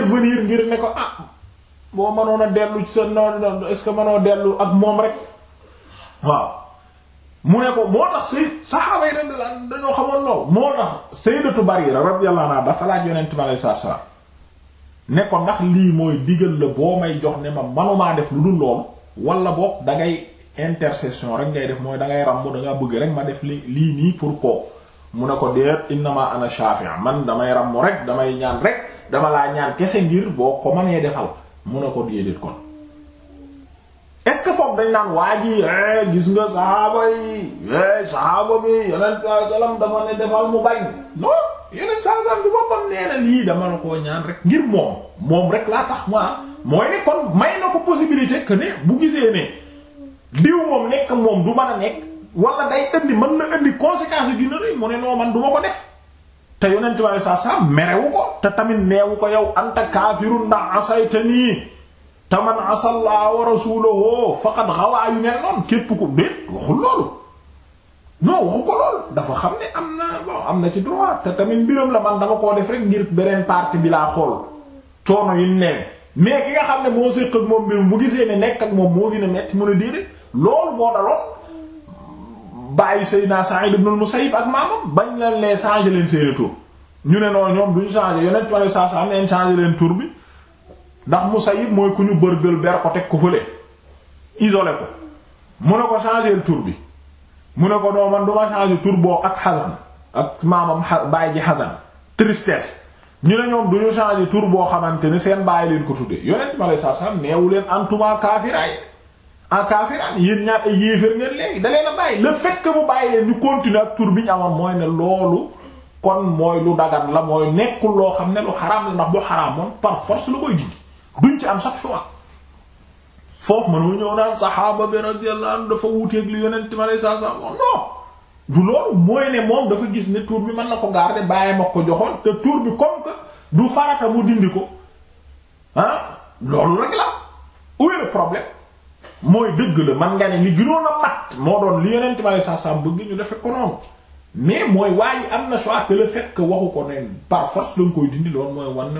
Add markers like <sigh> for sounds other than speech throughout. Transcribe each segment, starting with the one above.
intervenir ngir ne ko ah boo mënoon a dellu ci sa noonu est-ce que mënoo dellu ak moom rek waaw mu ne ko moo tax say saxaaba yi dañoo xamoon loolu moo tax bari Barira radiyallahu anha dafa laaj yonent bi alayhi salaatu salaam ne ko ndax lii mooy digal la boo may jox ne ma manumaa def lu dul loolu wala boog da ngay intercession rek ngay def mooy dangay ngay ràmbu bëgg rek ma def li lii nii pour koo mu ne ko deet innama ana shafi' man damay rammu rek damay ñaan rek dama laa ñaan kese ngir boo ko mënee defal mu ne ko déedéet kon est-ce que foofu dañ naan waa ji eh, gis nga saxaaba yi eh, saxaaba bi yonent sallallahu alayhi dama ne defal mu bañ non yonent sallallahu alayhi wasallam bi lii dama la koo ñaan rek ngir moom moom rek laa tax ma mooy ne kon may na ko possibilité que ne bu gisee ne diw moom nekk moom du mën a nekk wala day indi mën na indi conséquence dina rëy mu ne noo man duma ko def te yonent bi alei satu salaam merewu ko te tamit neewu ko yow anta kaafirun ndax asayta nii te man asallah wa rasulahu faqad xawaa yu ne noonu képp ko déet waxul loolu non waxu ko loolu dafa xam ne am na bon am na ci droit te tamit mbiram la man dama koo def rek ngir beneen partie bi laa xool coono yi newe mais ki nga xam ne moo séq ak moom mbir mu gisee ne nekk ak moom moo gën a mën a déedéet loolu moo bàyyi Seydina Sa'id ibn al-Musayyib ak maamam bañ leen lee changer leen seeni tur ñu ne noo ñoom duñu changer yonent bi alei satu salaam neen changer leen tur bi ndax Musayyib mooy ku ñu bërgël ber ko teg ko fële isole ko mu ne ko changer tur bi mu ne ko noo man duma changer tur boo ak Hazan ak maamam baay ji Hazan tristesse ñu ne ñoom duñu changer tur boo xamante ne seen bàyyi leen ko tudde yonent bi alei satu salaam neewu leen antuma kaafiraay en kaafiraan ah, yéen ñaar ay yéeféer ngeen léegi da leen bàyyi le fait que bàyyi leen ñu continuer ak tur bi ñu amoon mooy ne loolu kon mooy lu dagan la mooy nekkul loo xam ne lu xaraam ndax bu xaraam moom par duñ ci am sax choix foofu mënoo ñëw naan saxaaba bi dafa wuuteeg li yonent ma lay saa saa wax loolu mooy ne moom dafa gis ne tour bi mën na ko garder bàyyi ma ko joxoon te tour bi comme que du farata mu dindi ko ah loolu rek la où est le problème. mooy dëgg la man nga ne li gënoon a mat moo doon li yonent ma lay sax bëgg ñu defe ko noonu mais mooy waaye am na choix que le fait que waxu ko ne par force la nga koy dindi loolu mooy wan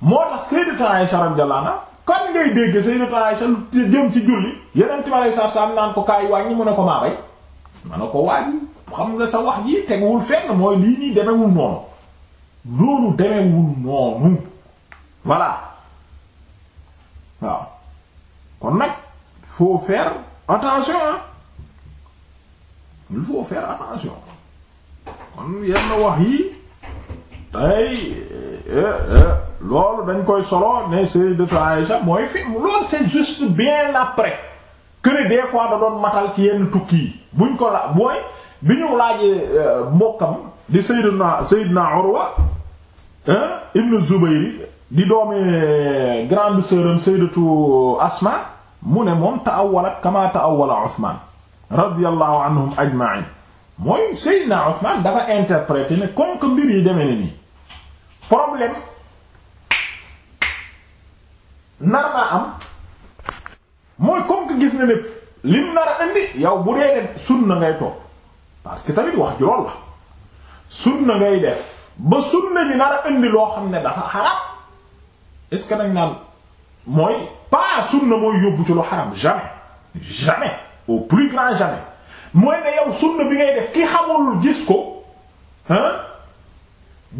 mu kon ngay dégg Sayyidatu Aisha te jëm ci julli yeneen ci wàllu saabsaab naan ko kaay wàññi mu ne ko maa bay ma ko wàññi xam nga sa wax ji teguwul fenn mooy lii nii demewul noonu loolu demewul noonu voilà waaw kon nag faut faire attention ah il faut attention kon yenn wax yi tey. Eh, eh, eh. loolu dañ koy solo ne sayyidatu Aïsha mooy fi loolu c'est juste bien après que ne des fois da doon matal ci yenn tukki yi buñ ko la mooy bi ñu laajee euh, mbokkam di sayyiduna sayyidna Urwa ibn Zubayr di doomi euh, grande sœuram sayyidatu Asma mu ne moom ta'awwalat kama ta'awwala Uthman radiyallahu anhum ajma'in mooy sayyidna Uthman dafa interpréter ne comme que mbir yi demee ne nii problème nar naa am mooy comme que gis na ne lim nar a indi yow bu dee ne sunna ngay topp parce que tamit wax ji lool la sunna ngay def ba sunna ni nar a indi loo xam ne dafa xaraam est ce que nañ naan mooy pas sunna mooy yóbbu ci lu xaraam jamais jamais au plus grand jamais mooy ne yow sunna bi ngay def ki xamul gis ko ah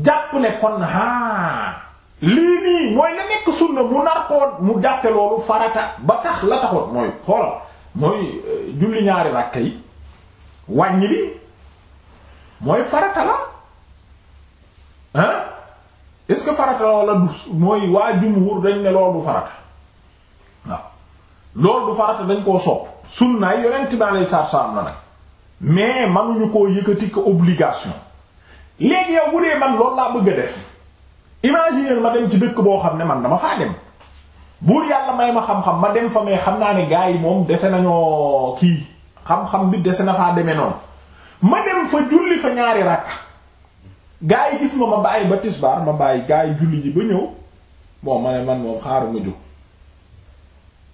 jàpp ne kon ah. lii nii mooy la nekk sunna mu nar mu jàppe loolu farata ba tax la taxoon mooy xoolal mooy euh, julli ñaari ràkka yi wàññi bi mooy farata la hein est-ce que farata la wala du mooy waa jumhur dañ ne loolu du farata waaw loolu du farata dañ koo sopp sunnaay yonent bi alayhi salaatu salaam nag mais manuñu koo yëkkati ko obligation léegi yow bu dee man loolu laa bëgg a def imaginer ma dem ci dëkk boo xam ne man dama faa dem buur yàlla may ma xam-xam ma dem fa mais xam naa ne gars yi moom dese nañoo kii xam-xam bi dese na faa demee noonu ma dem fa julli fa ñaari rakk gars yi gis ma ma bàyyi ba tisbaar ma bàyyi gaa yi julli ji ba ñëw bon ma ne man moom xaaral ma jóg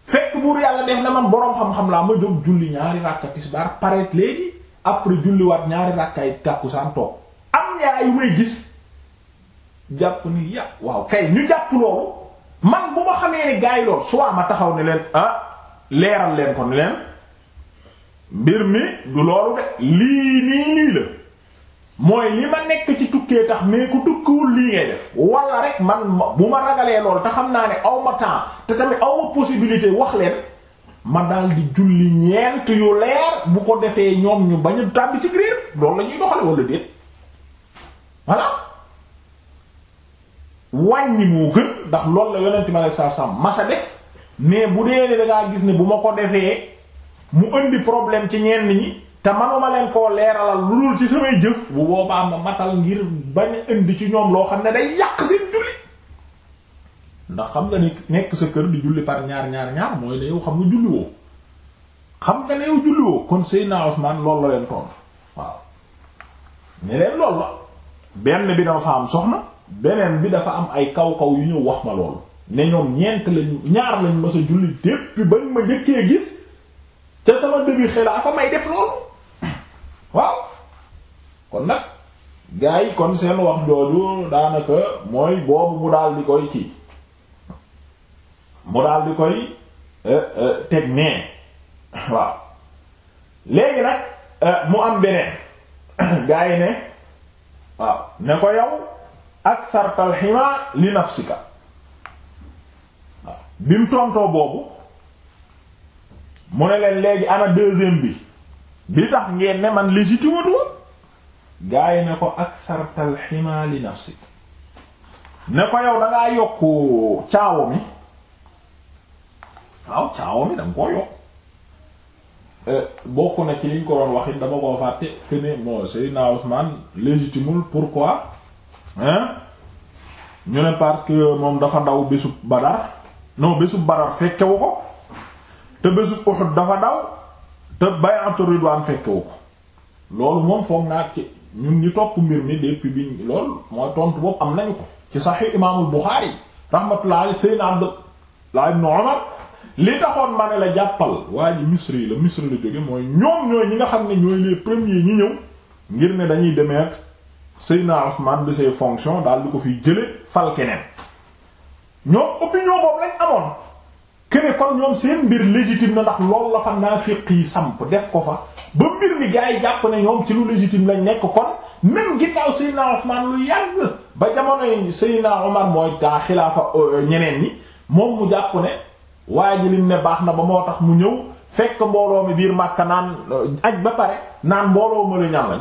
fekk buur yàlla def na man boroom xam-xam laa ma jóg julli ñaari rakka tisbaar pareet léegi après julliwaat ñaari rakkaay tàkkusaan toog am ñaari may gis. jàpp ni ya waaw kay ñu jàpp loolu man bu ma xamee ne gars yi loolu ma taxaw ne leen ah leeral leen ko ne leen mbir mi du loolu de lii nii nii la mooy li ma nekk ci tukkee tax mais ku tukkiwul lii ngay def wala rek man bu ma ragalee loolu te xam naa ne aw ma temps te tamit aw possibilité wax leen ma daal di julli ñeent yu leer bu ko defee ñoom ñu bañ a ci réer loolu la ñuy doxale wala déet voilà wàññi moo gën ndax loolu la yonent ma lay saa sam masa def mais bu dee ne da gis ne bu ma ko defee mu indi problème ci ñenn ñi te manuma leen koo leeralal lu dul ci samay jëf bu boobaa ma matal ngir bañ a indi ci ñoom loo xam ne day yàq seen julli ndax xam nga ne nekk sa kër di julli par ñaar ñaar ñaar mooy ne yow xam nga julli woo xam nga ne yow julli woo kon Seydina Usmaan loolu la leen tontu waaw ne leen loolu la benn bi dafa am soxna. beneen bi dafa am ay kaw-kaw yu ñëw wax ma loolu ne ñoom ñeent lañ ñaar lañ ma sa julli depuis bañ ma njëkkee gis ca sama début xelaa fa def loolu waaw kon nag gaa yi kon seen wax jooju daanaka mooy boobu mu daal di koy kii mu daal di koy eh, eh, teg nee waaw léegi nag eh, mu am beneen <coughs> gaa yi ne waaw ne ko yow aksartal xima li nafsika bi mu tontoo boobu mu ne leen léegi ana deuxième bi bi tax ngeen ne man légitime woon gaa yi ne ko aksartal xima li nafsika ne ko yow dangaa yokku caawa mi waaw caawa mi danga koo yokk euh, bokk na ci li ko doon wax dama koo fàtte que ne moo Seydina Ousmane légitimul pourquoi hein ñu ne parce moom dafa daw bésub Badar non bésub Badar fekkewu ko te bésub Uhud dafa daw te bay'atu Ridwaan fekkewu ko loolu moom foog naa ci ñu ñi topp mbir mi depuis bi loolu mooy tontu boobu am nañu ko ci Sahih Imaamul Buxaari rahmatullahi alayhi Seydina Abdullah ibn Umar li taxoon ma ne la jàppal waa ji Misri la Misri la jóge mooy ñoom ñooy ñi nga xam ne ñooy les premiers ñi ñëw ngir ne dañuy demeet Seydina Ousmane de ses fonctions daal di ko fi jële fal keneen ñoom opinion boobu lañ amoon kene kon ñoom seen mbir légitime na ndax loolu la fa naafiq yi samp def ko fa ba mbir mi gars yi jàpp ne ñoom ci lu légitime lañ nekk kon même ginnaaw Seydina Ousmane lu yàgg ba jamonoy Seydina Omar mooy taa xilaafa euh, ñeneen ñi moom mu jàpp ne waa ji lim ne baax na ba moo tax mu ñëw fekk mbooloo mi biir Makka naan euh, aj ba pare naan mbooloo ma la ñam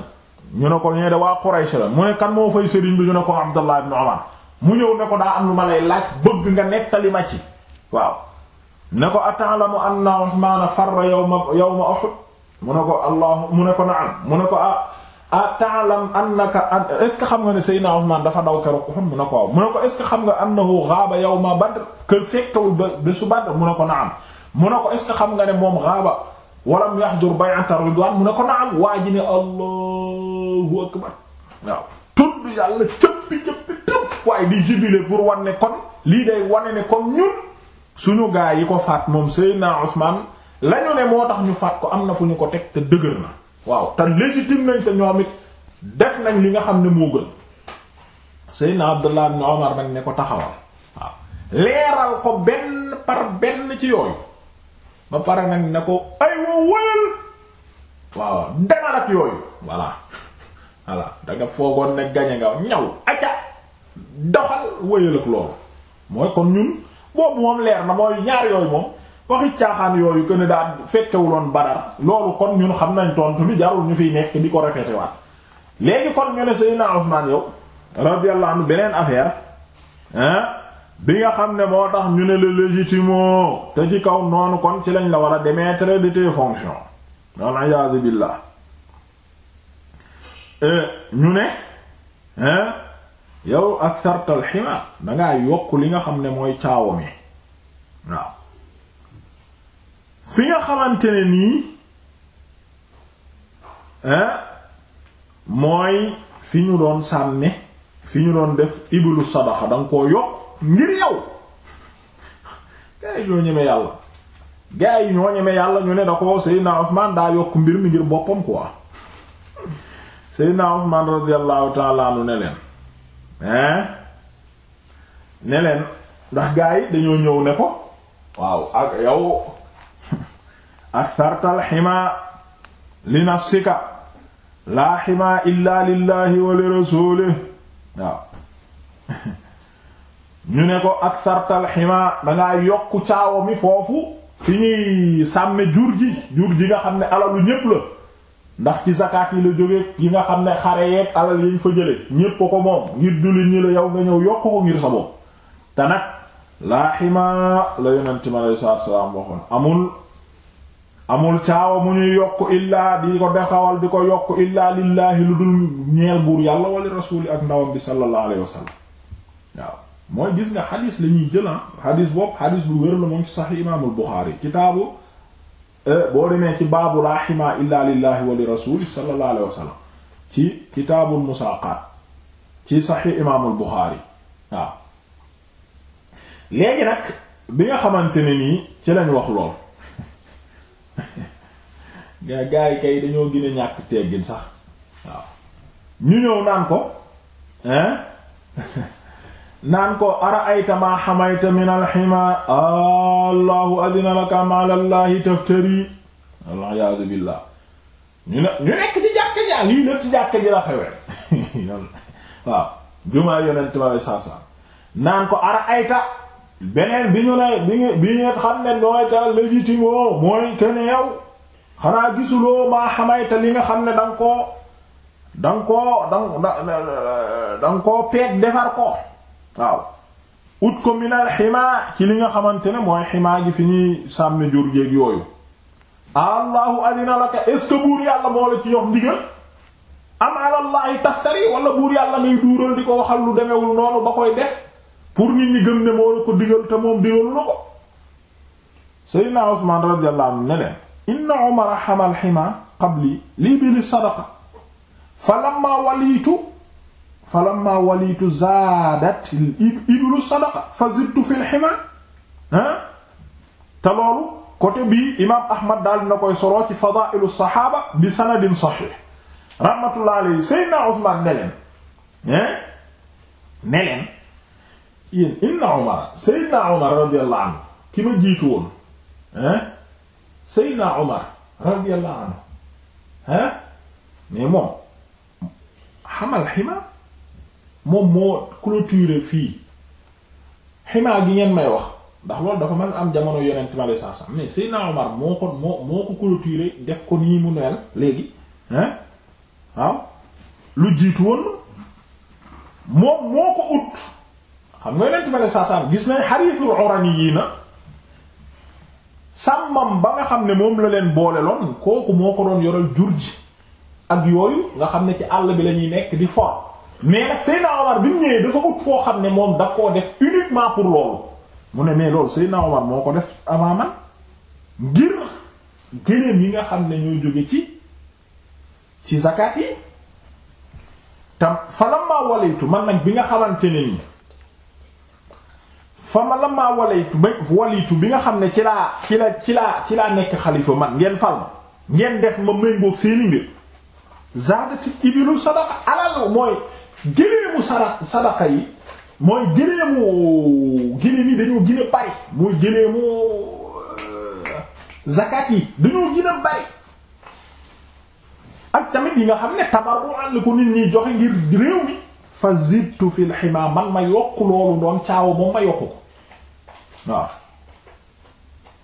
ñu ne ko ñee da waa Quraysh la mu ne kan moo fay sëriñ bi ñu ne ko Abdallah ibn Umar mu ñëw ne ko daa am lu ma lay laaj bëgg nga nettali ma ci waaw ne ko ata'lamu anna Uthman farra yawma yawma Uhud mu ne ko allah mu ne ko na'am mu ne ko ah ata'lam annaka est-ce que xam nga ne Seydina Uthman dafa daw keroog Uhud mu ne ko waaw mu ne ko est-ce xam nga annahu ghaaba yawma Badr que fekkewul ba su Badr mu ne ko na'am mu ne ko est-ce que xam nga ne moom ghaaba walam yahdur bay'ata ridwan mu ne ko naan waa ji ne allahu akbar waaw tudd yàlla cëppi cëppi tëpp waaye di jubiler pour wan kon lii day wane ne kon ñun suñu gaa yi ko faat moom Seydina Ousmane lañu ne moo tax ñu faat ko am na fu ñu ko teg te dëgër na waaw te légitime nañ te ñoom it def nañ li nga xam ne moo gën Seydina Abdullah ibn Omar nag ne ko taxawal waaw leeral ko benn par benn ci yooyu ba pare nag ne ko ay wa wëyal waaw demal ak yooyu voilà <laughs> voilà danga foogoon ne gañe nga ñaw acca doxal wëyal ak loolu mooy kon ñun boobu moom leer na mooy ñaar yooyu moom waxi caaxaan yooyu que ne daal fekkewuloon badar loolu kon ñun xam nañ tontu bi jarul ñu fiy nekk di ko répété waat kon ñu ne Seydina Usmaan yow radiyallahu anhu beneen affaire bi nga xam ne moo tax ñu ne la légitimo te ci kaw noonu kon ci lañ la war a démettre de tes fonctions noonu ayaazu billah e, ñu ne hein yow ak sartal xima dangaa yokk li nga xam ne mooy caawa mi waaw fi nga xamante ne nii e, mooy fi ñu doon sànni fi ñu doon def iblu sadaxa danga koo yokk ngir yow gaa yi ñoo ñeme yàlla gaa yi ñoo ñeme yàlla ñu ne da ko Seydina daa yokk mbir mi ngir boppam quoi Seydina Usmaan radiyallahu ta'ala anhu ne leen hein ndax gaa yi dañoo ñëw ne ko waaw ak yow ak sartal xima li nafsika laa xima illa lillahi wa li <laughs> ñu ne ko ak sartal xima dangaa yokku caawa mi foofu fi ñuy sàmme jur ji jur ji nga xam ne alalu ñépp la ndax ci zakaat yi la jóge yi nga xam ne xare yeeg alal yañ fa jële ñépp ko moom ngir jullit ñi la yow nga ñëw yokk ko ngir sa bopp te nag laa xima la yonent mi alei salaatu salaam waxoon amul amul caawa mu ñuy yokk illaa di ko dexawal di ko yokk illaa lillaahi lu dul ñeel buur yàlla wala rasuuli ak ndawam bi sallallahu alayhi wa mooy gis nga xadis lañuy ñuy jëlan ah, xadis bopp xadis bu wér la moom ci saxi imaamul Buxaari kitaabu eh, boo demee ci baabu laa ximaa illa lillahi wa li rasuli sallallahu ci kitaabul musaaqaat ci saxi imaamul Buxaari waaw léegi nag bi nga xamante ne nii ci lañ wax lool nga <laughs> gars kay dañoo gën a ñàkk teggin sax waaw ñu ñëw naan ko hein <laughs> naan ko ara ayta maa xamayta min alxima allahu adina laka ma alallahi taftari aliyasu billah ñu ne ñu nekk ci jàkk ji la xewe <laughs> jumaa yonent ma lay naan ko ara ayta beneen bi ñu ne bi ñu bi ñu xam ne nooy ta légitime mooy kene xanaa gisuloo maa xamayta li nga xam ne danga koo danga koo danga danga koo peet defar ko waaw ut ko minal ximaa ci li nga xamante ne mooy ximaa gi fi ñuy sàmmi jur géeg yooyu allahu adina laka est ce que buur yàlla moo la ci yox ndigal am alallahi taftari wala buur yàlla ngay duural di ko waxal lu demewul noonu ba koy def pour nit ñi gëm ne moo la ko digal te moom digalu na ko seydina usman radiyallahu anhu inna umara xamal xima qabli lii bi li sadaqa fa lamma waliitu falamma walitu zaadat iblu sadaqa fa zidtu fil hima ah te loolu côté bii imaam Ahmad daal dina koy soroo ci fadaa'ilu saxaaba bi sanadin saxiix rahmatullahi alayhi Seydina Usmaan ne leen ah ne leen yéen inna Umar Seydina Umar radiyallahu anhu ki ma jiitu woon ah Seydina Umar radiyallahu anhu ah mais moom xamal hima moom moo clôturer fii ximaa gi ngeen may wax ndax loolu dafa mas am jamono yonent ma lay sax mais Seydina Omar moo ko moo moo ko def ko nii mu neel léegi lu jiitu woon moom moo ko xam nga yonent ma gis nañ xariisul yii na sàmmam ba nga xam ne moom la leen kooku moo ko doon yoral jur ji ak yooyu nga xam ne ci àll bi lañuy ñuy nekk di for mais nag Seydina Omar bi mu ñëwee dafa ut foo xam ne moom daf koo def uniquement pour loolu mu ne mais loolu Seydina Omar moo ko def avant man ngir gëléem yi nga xam ne ñoo jóge ci ci zakat yi tam fa lammaa walaytu man nag bi nga xamante ne nii fa ma lammaa walaytu ba walitu bi nga xam ne ci laa ci la ci laa ci laa nekk xalifa man ngeen fal ngeen def ma méngoog seeni mbir zaadati ibilu sadaqa alal mooy géléemu sara sadaka yi mooy géléemu géléem yi dañoo gën a bari mooy géléemu euh, zakat yi dañoo a bari ak tamit yi nga xam ne tabarru'an la ko nit ñi joxe ngir mi fa zidtu fil xima man ma yokk loolu doon caawa ma yokk ko waaw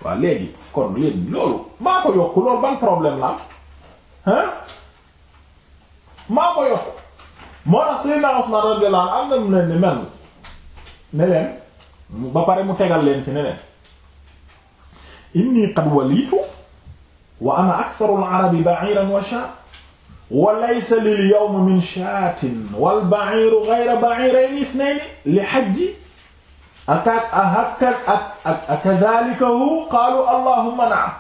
waaw léegi kon yéen loolu maa ko yokk loolu ban problème la ah maa ko yokk moo tax Seydina Usman radiyallahu anhu am na mu leen ni mel ne leen ba pare mu tegal leen ci ne leen inni qad waliitu wa ana aktharu al-arabi ba'iran wa shaatan wa laysa lil yawma min shaatin wal ba'iru ghayra ba'irayni ithnayni li hajji aka akadhalika hu qaalu allahumma na'am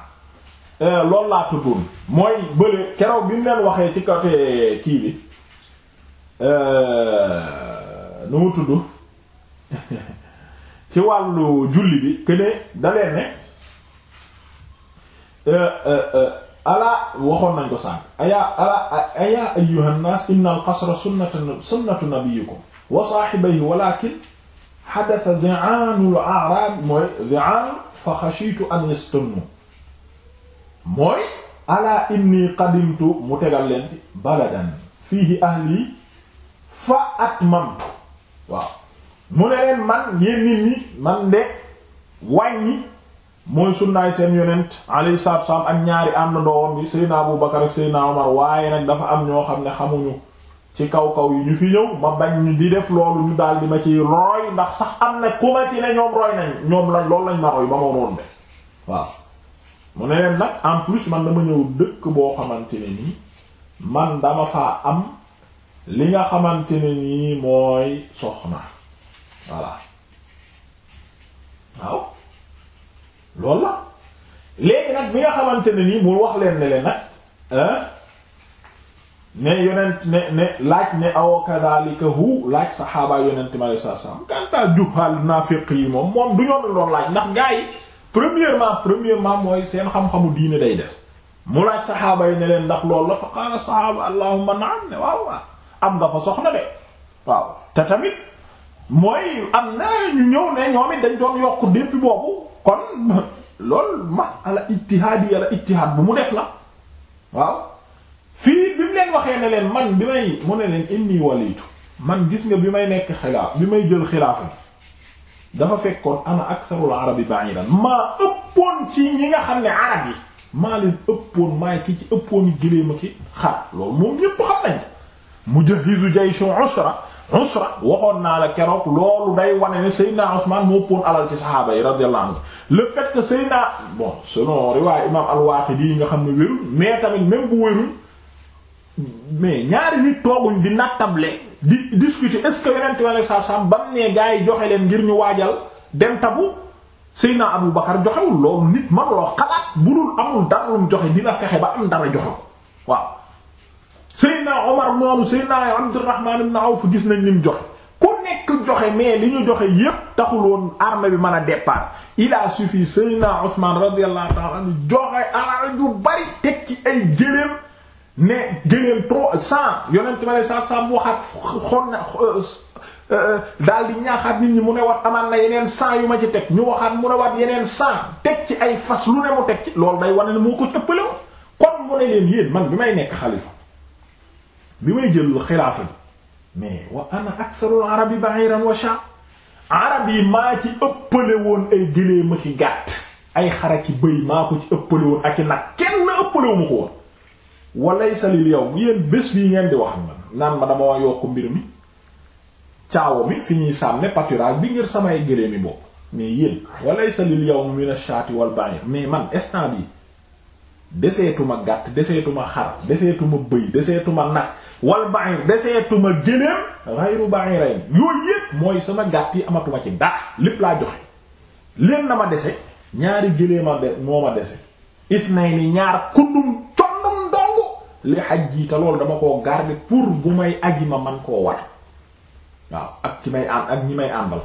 eh, loolu laa tuddoon mooy bële keroog bi mu leen waxee ci côté kii bi Euh, nu mu tudd <laughs> ci wàllu julli bi que ne dalee ne euh, euh, ala waxoon nañ ko sànq ayaa ala ayaa ayyuhan nas inna al qasra sunnatu sunnatu nabiyikum wa saahibihi walakin xadasa di'aanul a'raab mooy di'aan fa xashiitu an yastunnu mooy ala inni qadimtu mu tegal leen baladan fiihi ahli fa atmamtu waaw mu ne leen man yéen nit ñi man de wàññi mooy sunnaay seen yonent alayhi salaatu wassalaam ak ñaari ànd doowam bi Seydina Abu ak Seydina Omar waaye nag dafa am ñoo xam ne xamuñu ci kaw kaw yi ñu fi ñëw ma bañ di def loolu ñu daal ma ci roy ndax sax am na ku ma ci ne ñoom roy nañ ñoom lañ loolu lañ ma roy ba ma roon waaw mu ne leen nag en plus man dama ñëw dëkk boo xamante ne nii man dama faa am li nga xamante ne nii mooy soxna voilà waaw lool la léegi nag bi nga xamante ne nii mu wax leen ne leen nag ne yonent ne ne laaj ne aw kadhalika hu laaj saxaaba yonent mi alayhi salaam kantaa juhaal naafiq yi moom moom du ñoom la doon laaj ndax gaa yi premièrement premièrement mooy seen xam-xamu diine day des mu laaj saxaaba yi ne ndax loolu la fa qaala saxaaba allahumma na'am ne waaw waaw am nga fa soxna de waaw te tamit mooy am na ñu ñëw ne ñoom it dañ doon yokk depuis boobu kon lool ma ala ittihaad yi ittihaad bu mu def la waaw fii bi mu leen waxee ne leen man bi may mu ne leen inni walitu man gis nga bi may nekk xilaaf bi may jël xilaafa bi dafa fekkoon ana aktharul arabi ba'idan maa ëppoon ci ñi nga xam ne arab yi maa leen ëppoon maay ki ci ëppoon gëléema ki xar loolu moom ñépp xam nañ mujahizu jayshu usra usra waxoon naa la keroog loolu day wane ne Seydina Usmaan moo poon alal ci saxaaba yi radiyallahu anhu le fait que Seydina bon selon imaam al yi nga xam ne wérul mais tamit même bu wérul mais ñaari nit tooguñ di nattable di discuter est-ce que yeneen tubaab yi sax bam ne gaa yi joxe leen ngir ñu waajal dem tabu Seydina Abu Bakar joxewul loolu nit man loo xalaat bu dul amul dara lu joxe dina fexe ba am dara joxe waaw. Seydina Omar moomu Seydina Abdurrahman naaw Awf gis nañ lim joxe ku nekk joxe mais li ñu joxe yépp taxul woon armée bi man a départ il a suffi Seydina Ousmane radiyallahu ta'ala anhu joxe alal ju bari teg ci ay géléem ne géléem trop cent yonent ma ne sa sa waxaat xon na euh, euh, daal di ñaaxaat nit ñi mu ne wat amaan na yeneen cent yu ma ci teg ñu waxaat mu ne wat yeneen cent teg ci ay fas lu ne mu teg ci loolu day wane ne moo ko ëppale kon mu ne leen yéen man xalifa bi may jël xilaafa mais wa ana aktharul arabi ba'iran wa sha arab yi maa ci ëppale ay gëlee ma ci gàtt ay xara ci bëy maa ko ci ëppale ak i nag kenn ëppale wu ma ko woon walaysa lil yow yéen bés bii ngeen di wax man naan ma dama yokk mbir mi caawa mi fi ñuy sàmme pâturage bi ngir sama gëlee mi bopp mais yéen walaysa lil yawm min ash-shati wal ba'ir mais man instant bi deseetuma gàtt deseetuma xar deseetuma bëy deseetuma wal ba'ir deseetuma généem ghayru yooyu yépp mooy sama gàtt yi amatuma ci dara lépp laa joxe leen na ma dese ñaari géléema de moo ma dese ithnayni ñaar kundum condum ndongu li xaj jiite loolu dama koo garder pour bu may aji ma man koo war waaw ak ki may ànd ak ñi may àndal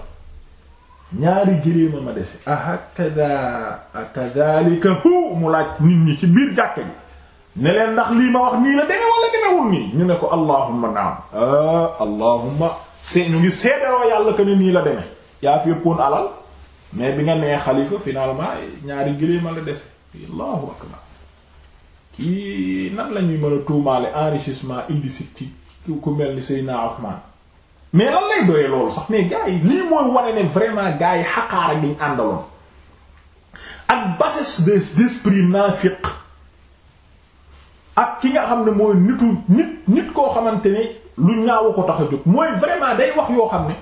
ñaari géléema ma dese ahakada akadhalika hu mu laaj nit ñi ci biir jàkke bi ne leen ndax lii ma wax nii la deme wala demewul nii ñu ne ko allahumma naam ah allahumma see ñu ngi seetaloo yàlla que ne nii la deme yaa fi yëppoon alal mais bi nga nee xalifa finalement ñaari gëléema la dese allahu akbar kii nan la ñuy mën a tuumaale enrichissement illicite ci ku mel ni Seydina Ousmane mais lan lay doyee loolu sax mais gars yi lii mooy wane ne vraiment gars yi xaqaara giñ àndaloon ak bassesse d'esprit naafiq ak ki nga xam ne mooy nitu nit nit koo xamante ni lu ñaaw ko tax a jóg mooy vraiment day wax yoo xam ne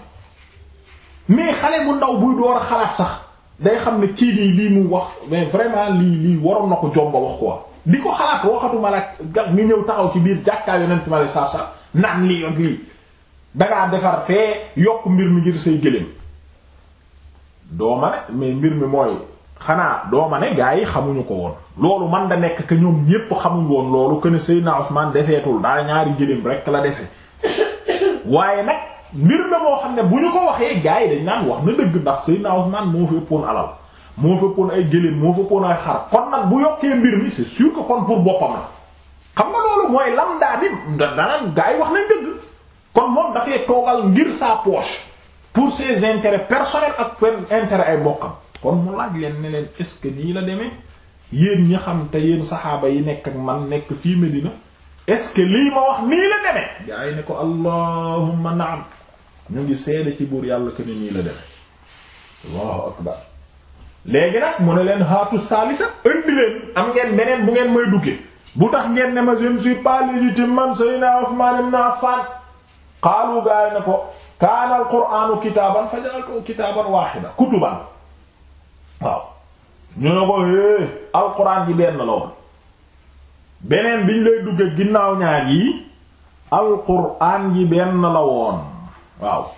mais xale bu ndaw buy door a xalaat sax day xam ne kii nii lii mu wax mais vraiment lii lii waroon na ko jomba wax quoi di ko xalaat waxatuma la nga ñëw taxaw ci biir jàkkaay yonent ma la saa saa naan lii ak lii dangaa defar fee yokk mbir mi ngir say gëléem doo ne mais mbir mi mooy xanaa dooma ne gaa yi xamuñu ko woon loolu man da nekk que ñoom ñépp xamuñ woon loolu que ne Seydina Ousmane deseetul daal ñaari gëléem rekk la dese waaye nag mbir la moo xam ne bu ñu ko waxee gaa yi dañ naan wax na dëgg ndax Seydina Ousmane moo fi ëppoon alal moo fi ay gëléem moo fi ëppoon ay xar kon nag bu yokkee mbir mi c'est sûr que kon pour boppam la xam nga loolu mooy lambda bi danaan gaa yi wax nañ dëgg kon moom dafay toogal ngir sa poche pour ses intérêts personnels ak intérêt ay mbokkam kon mu laaj leen ne leen est que nii la demee yéen ñi xam te yéen saxaaba yi nekk ak man nekk fii Medina est-ce que lii ma wax nii la demee gaa yi ne ko allahumma naam ñu ngi seede ci buur yàlla ko ne nii la demee allahu akbar léegi nag mu ne leen haatu saalisa indi leen am ngeen beneen bu ngeen may duggee bu tax ngeen ne ma je ne suis pas légitime man Seydina Usmaan ibn Affaan xaalu gaa yi ne ko kaana al qur'aanu kitaaban fajaltu kitaaban waaxidan kutuban waaw ñu ne ko hée alxuraan ji benn la woon beneen biñ lay dugge ginnaaw ñaar yi alxuraan ji benn la woon waaw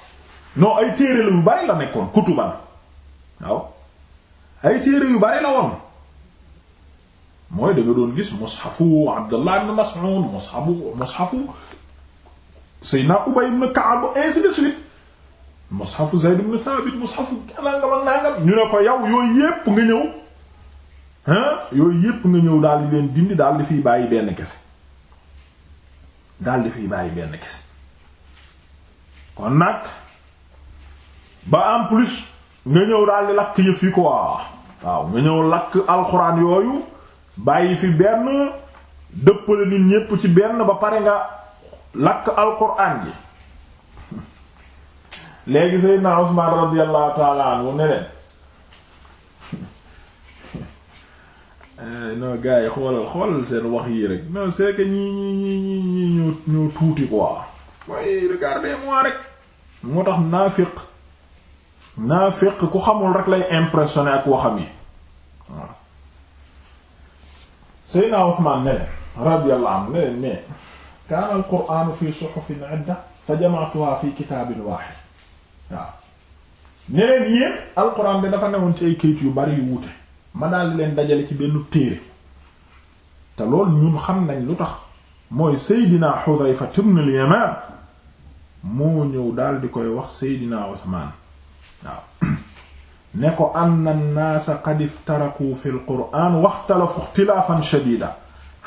non ay téere lu bari la nekkoon kutuban waaw ay téere yu bari la woon mooy da nga doon gis mushafu Abdullah ibn Mas'ud mushafu mushafu Seydina Ubay ibn Ka'b ainsi de suite mushafu Zayd ibn Thabit mushafu nangam ak nangam ñu ne ko yow yooyu yépp nga ñëw hein yooyu yépp nga ñëw daal di leen dindi daal di fiy bàyyi benn kese daal di fiy bàyyi benn kese kon nag ba en plus nga ñëw daal di lakk yëf yi quoi waaw nga ñëw lakk alxuraan yooyu bàyyi fi benn dëppale nit ñépp ci benn ba pare nga lakk alxuraan yi léegi Seydina Usmaan radiyallahu taala anhu ne leen eh, non gars yi xoolal xoolal seen wax yii rek non c'est que ñii ñii ñi ñii ñoo ñoo tuuti quoi waaye regardez-moi rek moo tax naafiq naafiq ku xamul rek lay impressionné ak waxam yi waaw Seydina Usmaan ne leen radiyallahu anhu kaana al-qur'aanu fi suhufin 'idda fa jama'tuha fi kitaabin waahid waaw ne leen yéen alxuraan bi dafa newoon ci ay kayit yu bari yu wuute ma leen dajale ci benn téere te loolu ñun xam nañ lu tax mooy Seydina Xudayfa ibn al moo ñëw daal di koy wax Seydina Usmaan waaw <clears throat> ne ko anna an-naasa fi al-qur'aan waxtalafu ixtilaafan shadiidan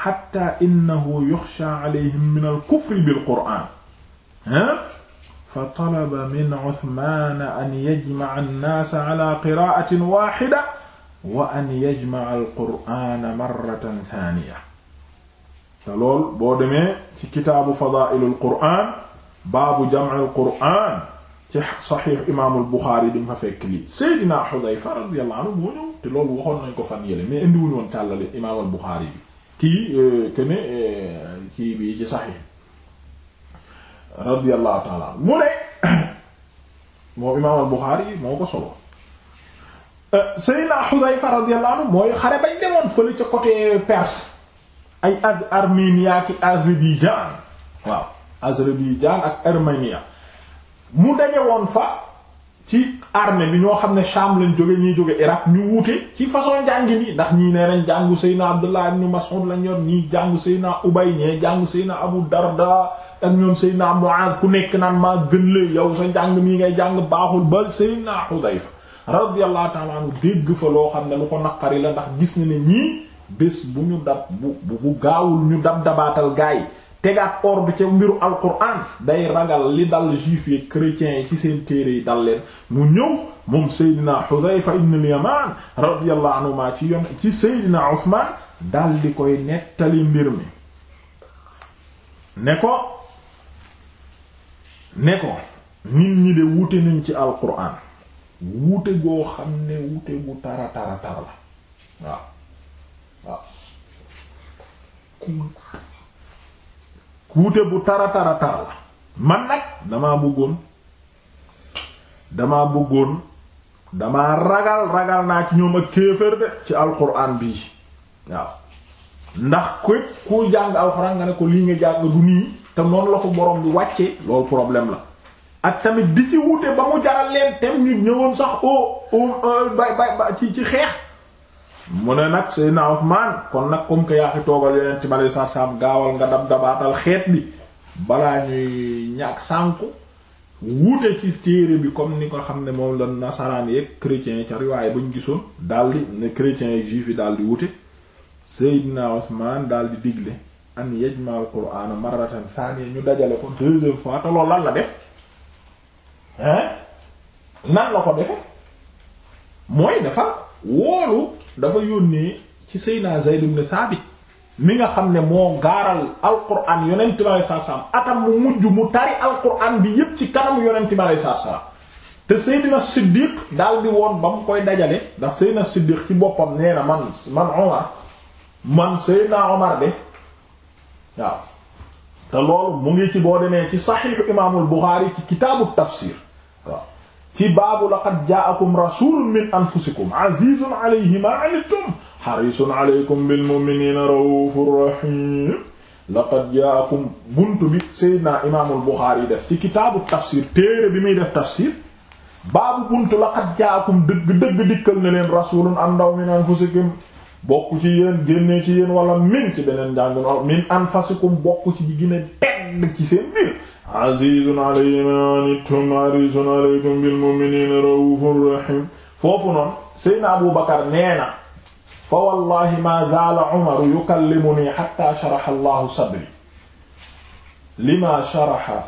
xatta innahu yuxshaa alayhim min al-kufri bil-qur'aan ha fa talaba min Usmaan an yajmaca annaasa ala qiraatin waaxida wa an yajmaca alqur'aana marratan saaniya te lool boo demee ci kitaabu fadaa'ilul qur'aan baabu jamcil qur'aan ci saxiix imaamul Buxaari di nga fa fekk lii Seydina Xudayfa radiyallahu anhu moo ñëw te loolu waxoon nañ ko fan yële mais indiwuñu woon tàllale imaamul Buxaari bi kii euh, que ne euh, kii bi ci saxiix radiyallahu taala mu ne <coughs> moom imaam al-Buxaari moo ko solo euh, Seydina Xudayfa radiyallahu anhu mooy xare bañ ca côté Perse ay ad Armenia ki ak Armenia mu daje woon fa ci armée bi ñoo xam ne Sham lañ jóge ñiy jóge Irak ñu wuute ci façon njàngin yi ndax ñii nee nañ jàngu Seydina Abdullah ibn Mas'ud lañ yor ñii jàngu Seydina Ubay ñee jàngu Seydina Abu Darda ak ñoom Seydina Muaz ku nekk naan maa gën la yow sa njàng mii ngay jàng baaxul ba Seydina Hudayfa radiyallahu ta'ala anhu dégg fa loo xam ne lu ko naqari la ndax gis na ne ñii bés bu ñu dab bu bu gaawul ñu dab dabaatal gaay tegaat ordre ca mbiru alquran day ragal li dal juif yi chrétiens yi ci seen téere yi dal leen mu ñëw moom Seydina Hudhayfa ibn al radiyallahu anhuma ci yoon ci Seydina Uthman dal di koy nettali mbir mi ne ko ne ko nit ñi de wuute nañ ci alquran wuute goo xam ne wuute gu tara tara tara la waaw wuute bu tara tara tara la man nag damaa bëggoon damaa bëggoon damaa ragal ragal naa ci ñoom ak kéefër de ci alquran bii waaw ndax képp ku jàng alquran nga ne ko lii nga jàng du nii te moom la ko borom bi wàccee loolu problème la at tamit di ci wuute ba mu jaral leen tem ñëwoon sax o o bay bay ba ci ci xeex mu ne nag Seydina Usmaan kon nag comme que yaa fi toogal yonent bi aleyhi salaatu gaawal nga dab dabaatal xeet bi balaa ñuy ñàkk sànku wuute ci téere bi comme ni ko xam ne moom la nasaraan yeeg chrétiens yi ca riwaay ba ñu gisoon daldi ne chrétiens yi juif yi daldi wuute Seydina Usmaan daldi digle an yajma al qur'ana marratan thaniya ñu dajale ko deuxième fois te loolu la def hein nan la ko defe mooy dafa wóolu dafa yónnee ci Seydina Zayd ibn Thabit mi nga xam ne moo gaaral alquran yonent bi alei satu salaam atam mu mujj mu tari alquran bi yépp ci kanamu yonent bi alei satu te Seydina Siddiq daal di woon ba mu koy dajale ndax Seydina Siddiq ci boppam nee na man man Omar man Seydina Omar de waaw te loolu mu ngi ci boo demee ci saxiixu imaamul Buxaari ci kitaabu tafsir waaw ci baabu laqad jaakum rasulun min anfusikum azizun alayhi ma anittum harisun alaykum bil mu'minina raufur rahim laqad jaakum buntu bi Seydina imaamul Buxaari yi def ci kitaabu tafsir téere bi muy def tafsir baabu buntu laqad jaakum dëgg dëgg dikkal ne leen rasulun am ndaw min anfusikum bokk ci yéen génnee ci yéen wala min ci beneen njàng min anfusikum bokk ci gi gën a tedd ci seen biir azizun alayhi ma anittum harisun alaykum bil mu'minina raufur rahim foofu noonu seydna abu bakar nee na fa wallahi ma zaala umaru yukallimuni hatta sharaha allahu sadri lima sharaha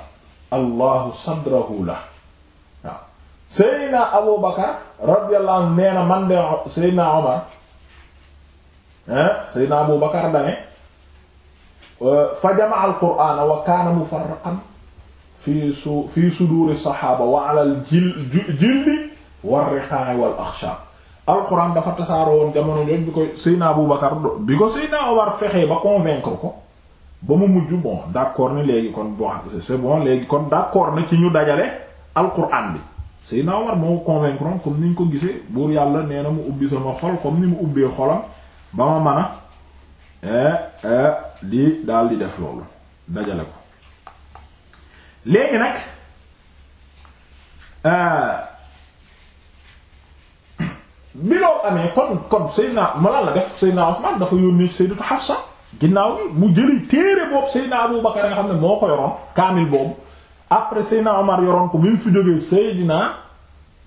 allahu sadrahu la waaw seydna abu bakar radiyallahu anhu nee na man de seydna omar seydna abu bakar dane fa jamaa al qur'ana wa kaana mufarraqan fii su fii suduuri saxaaba wa alal jil jildi war riqa'i wal axshab alquran dafa tasaaroo woon jamono jooju bi ko Seyna Aboubacar bi ko Seyna Omar fexee ba convaincre ko ba mu mujj bon d'accord ne léegi kon bon c'est bon léegi kon d'accord na ci ñu dajale alquran bi Seyna Omar moo convaincre woon comme ni ñu ko gisee buur yàlla nee na mu ubbi sama xol comme ni mu ubbee xolam ba ma mën a eh, eh, di dal di def loolu dajale ko. léegi nag euh, bi loo amee kon kon Seydina Malal la def Seydina Usman dafa yónni Sayyidatu Hafsa ginnaaw bi mu jëli téere boobu Seydina Abu Bakar nga xam après Seydina Omar yoroon ko bi mu fi jógee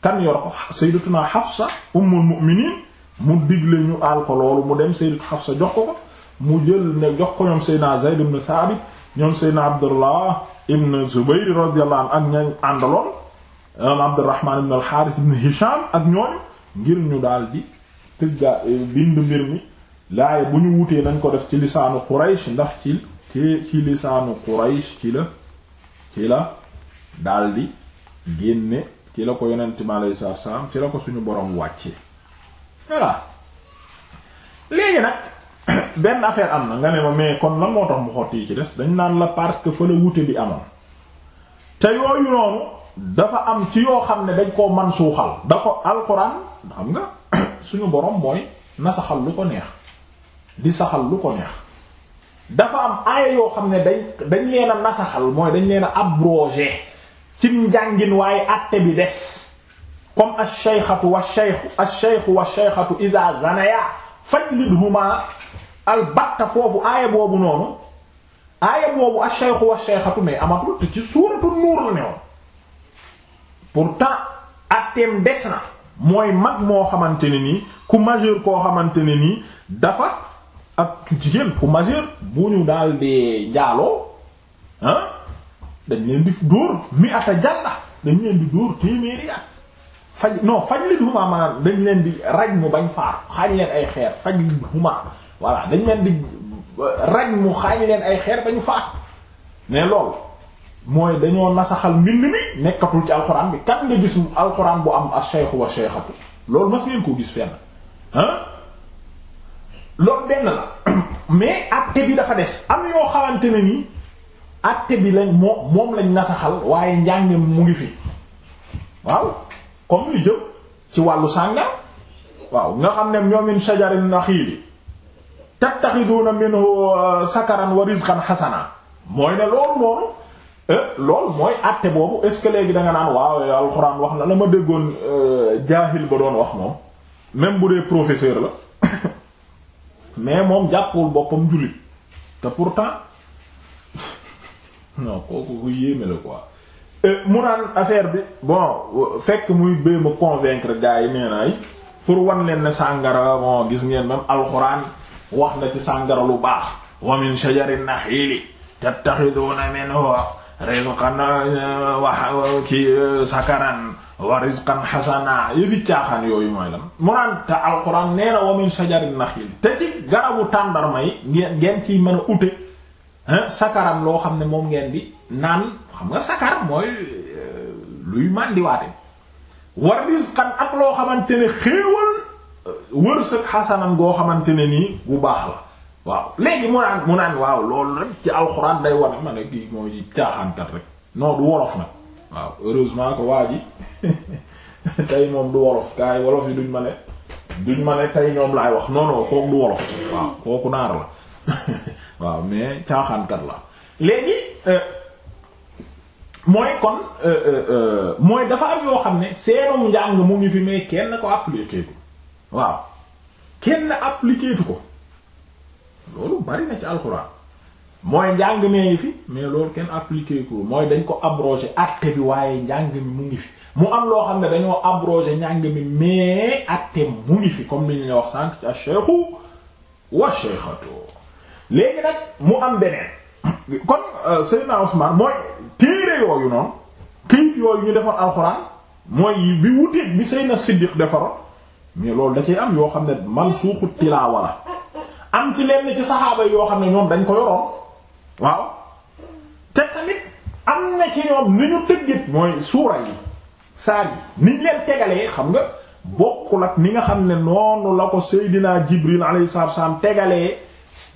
kan yor ko Sayyidatuna Hafsa ummul mu'minin mu digle ñu aal ko loolu mu dem Sayyidatu mu jël ne Thabit ñoom Seydina Abdullah ibn Zubayr radiyallahu anhu ak ñañ àndaloon imaam Abdurrahman ibn al ibn Hisham ak ñooñ ngir ñu daal di tëgga bind mbir mi laaye bu ñu wutee nañ ko def ci lisaanu Quraysh ndax ci ci lisaanu Quraysh ci la ci la daal génne ci la ko yonent mi alayhi salaam ci la ko suñu borom wàccee voilà léegi nag <coughs> benn affaire am na nga ne ma mais kon lan moo tax mu xotti yi ci des dañ naan la parce que fa la wute bi amoon te yooyu noonu dafa am ci yoo xam ne dañ koo man suuxal da ko alxuraan xam nga <coughs> suñu borom mooy na saxal ko neex saxal lu ko neex dafa am yoo xam ne dañ dañ leen a nasaxal mooy dañ leen a abrogé ci njàngin waaye àtte bi des comme ash-shaykhatu wash-shaykhu ash-shaykhu wash-shaykhatu iza zanaya fajlidhuma albatta foofu aaya boobu noonu aaya boobu ash-shaykhu wash-shaykhatu mais amatul te ci suuratu nuur la ne woon pourtant atteem des na mooy mag moo xamante ne nii ku majeur koo xamante ne nii dafa ak jigéen ku majeur bu ñu daal di njaaloo ah dañ leen di dóor mi ata jàlla dañ leen di dóor téeméeri at faj non faj lit huma maanaam dañ leen di raj mu bañ faar xaañ leen ay xeer faj lit huma voilà dañ leen di raj mu xaañ leen ay xeer dañu faat mais loolu mooy dañoo nasaxal mbind mi nekkatul ci alxuraan bi kat nga gis alxuraan bu am ash-shaykhu wa shaykhatu loolu mas ngeen koo gis fenn ah loolu benn la <clears throat> mais àtte bi dafa des am yoo xamante ne nii àtte bi lañ moo moom lañ nasaxal waaye njàng mu ngi fi waaw comme li jëm ci wàllu sànga waaw nga xam ne ñoomin shajarin naxiili tattaxiduuna minhu euh, sakaran wa rizqan xasana mooy ne loolu noonu euh, loolu mooy àtte boobu est-ce que léegi da naan waaw alxuraan wax na la ma déggoon euh, jaahil ba doon wax moom même bu dee professeur la <laughs> mais moom jàppul boppam jullit te pourtant <laughs> kooku ku yéeme la quoi mu naan affaire bi bon fekk muy béy ma convaincre gars yi nee pour wan leen ne sàngara bon gis ngeen même alxuraan wax na ci sàngara lu baax wa min shajari naxiili tattaxiduuna minhu rizqan wa ki sakaran wa rizqan xasana yëfi caaxaan yooyu mooy lan mu naan te alquran nee na wa min shajari naxiil te ci garabu tàndarma yi ngeen ngeen ciy mën ute sakaran loo xam ne moom ngeen di naan xam nga sakar mooy euh, luy màndiwaate wa rizqan ak loo xamante ne xéewal wërsëg xasanan goo xamante ne nii bu baax la waaw léegi mu naan mu naan waaw loolu rek ci alxuraan day wane ma ne kii mooy caaxaankat rek non du wolof nag waaw heureusement que waa ji <laughs> tey moom du wolof gaa wolof yi duñ ma ne duñ ma ne tey ñoom laay wax non non kooku du wolof waaw kooku naar la <laughs> waaw mais caaxaankat la léegi euh, mooy kon euh, euh, mooy dafa am yoo xam ne seenum njàng mu ngi fi mais kenn ko appliqué ko waaw kenn appliqué tu ko loolu bari na ci alxuraan mooy njàng mee fi mais loolu kenn appliqué ko mooy dañ ko abrogé acte bi waaye njàng mi mu ngi fi mu am loo xam ne dañoo abrogé njàng mi mais acte mu ngi fi comme li wax sànq ci ash-shaykhu wa shaykhatu léegi nag mu am beneen kon euh, Seydina Usmaan mooy téere yooyu noonu këyit yooyu ñu defoon alxuraan mooy bi wuteeg bi Seydina Siddiq defaroon mais loolu da cee am yoo xam ne man suuxu tilaawa la am ci lenn ci saxaaba yoo xam ne ñoom dañ ko yoroon waaw te tamit am na ci ñoom ni ñu tëggit mooy suura yi saar yi niñ leen tegalee xam nga bokkul ak ni nga xam ne noonu la ko Seydina Jibril alayhi salaam tegalee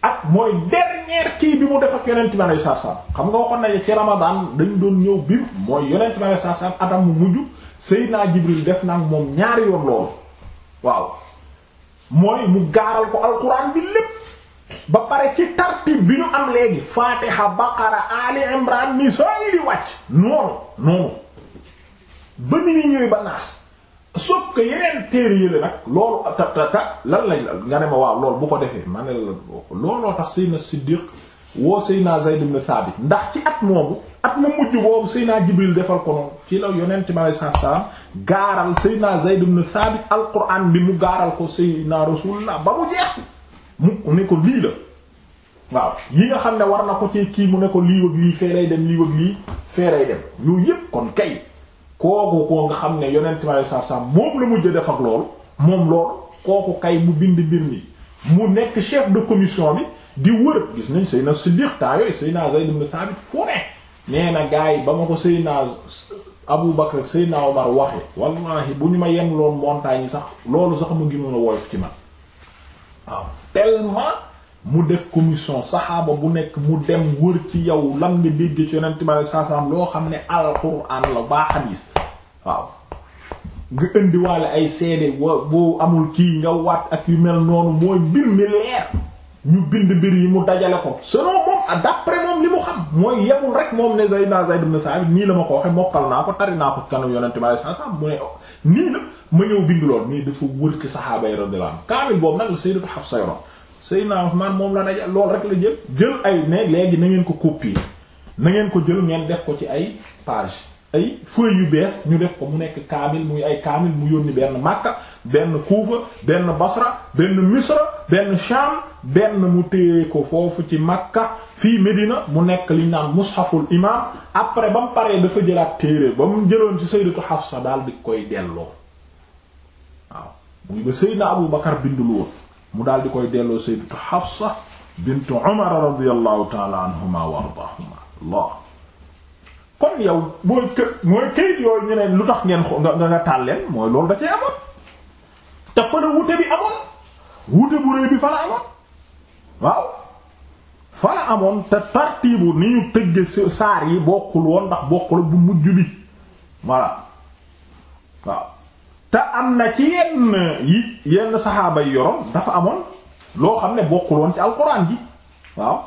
ak mooy dernier kii bi mu def ak yonent bi alayhi salaam xam nga waxoon nañu ci Ramadan dañ doon ñëw bi mooy yonent bi alayhi salaam atam mu mujj Seydina Jibril def naa ak moom ñaari yoon loolu waaw mooy mu gaaral ko alquran bi lépp ba pare ci tartib bi ñu am léegi fatiha baqara ali imran nisaa yi noonu noonu ba ni ni ñëwee ba naas sauf que yeneen téere yële nag loolu ta ta ta lan lañ la nga ne ma waaw lool bu ko defee ma ne la looloo tax Seydina Siddiq woo Seyna Zayd ibn Thabit ndax ci at moom at mu mujj boobu Seyna Jibril defal ko ci la yonent bi alayhi salaatu salaam gaaral Seyna Zayd ibn Thabit alquran bi mu gaaral ko Seyna Rasulullah ba mu jeex mu ne ko lii la waaw yi nga xam ne war na ko ci kii mu ne ko lii wëg lii feeray dem lii wëg lii feeray dem yooyu yépp kon kay kooku koo nga xam ne yonent bi alayhi salaam moom la mujj def ak loolu moom loolu kooku kay mu bind mbir mi mu nekk chef de commission bi di wër gis nañ Seydina Siddiq temps yooyu Seydina Zayd ibn Thabit fu ne nee na gars yi ba ma ko Seydina Abu Bakr Seydina Omar waxe wallahi bu ñu ma yem loon montagne yi sax loolu sax mu gënoon a woyof ci man waaw tellement mu def commission saxaaba bu nekk mu dem wër ci yow lam nga dégg ci yonent bi alei saa salaam loo xam ne alquran la baa xadiis waaw nga indiwaale ay seede wa amul kii nga waat ak yu mel noonu mooy mbir mi leer ñu bind mbir yi mu dajale ko selon moom ah, d'après moom li mu xam mooy yemul rek moom ne Zayd na Zayd na Sabit nii la ma ko waxe mokkal naa ko tari naa ko kanam yonente ma saa saa mu ne oh, nii la ma ñëw bind lool nii dafa wër ci saxaaba yi radiyallahu anhu kaamil boobu nag la Sayyidatu Hafsa yoroon Sayyidna moom la dajal lool rek la jël jël ay ne léegi na ngeen ko copier na ngeen ko jël ngeen def ko ci ay page ay feuilles yu bees ñu def ko mu nekk kaamil muy ay kaamil mu yónni benn Makka benn Kuufa benn Basra benn Misra benn Sham benn mu téye ko foofu ci Makka fii Medina mu nekk li ñu naan mushaful imam après ba mu paree dafa jëlaat téere ba mu jëloon ci Sayyidatu Hafsa daal di koy delloo waaw muy ba Sayyidna Abu Bakar bindul woon mu daal di koy delloo Sayyidatu Hafsa bint Umar radiyallahu ta'ala anhuma wa ardaahuma Allah yow mooy kë lu tax ngeen nga da cee amoon te fa la wute bi amoon wute bu rëy bi fa amoon waaw fa amoon te tartiibu ni ñu tëgge saar yi bokkul woon ndax bokkul bu mujj bi voilà waaw te am na ci yenn yi yenn saxaaba yi yoroon dafa amoon loo xam ne bokkul woon ci alxuraan ji waaw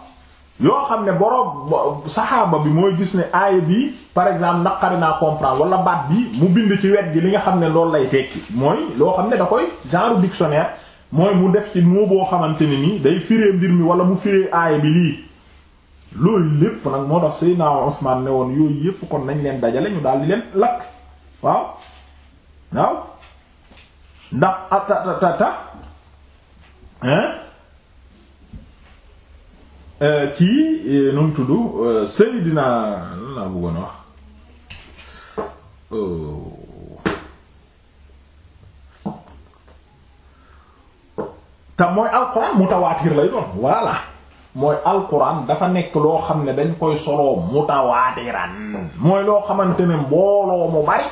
yoo xam ne borom saxaaba bi mooy gis ne aaya bi par exemple naqari naa comprendre wala baat bi mu bind ci wet gi li nga xam ne loolu lay tekki mooy loo xam ne da koy genre dictionnaire mooy mu def ci moo boo xamante ne ni day firee mbir mi wala mu firee aaya bi lii loolu lépp nag moo tax Seydina Usmaan ne woon yooyu yépp kon nañ leen dajale ñu daal di leen lakk waaw waaw ndax atatata hein Euh, kii euh, nu mu tudd euh, Seydina lan laa bëggoon a wax oh. te mooy alquran mutawaatir lay doon voilà mooy alquran dafa nekk loo xam ne dañ koy soloo mutawaatiran mooy loo xamante ne mbooloo mu bari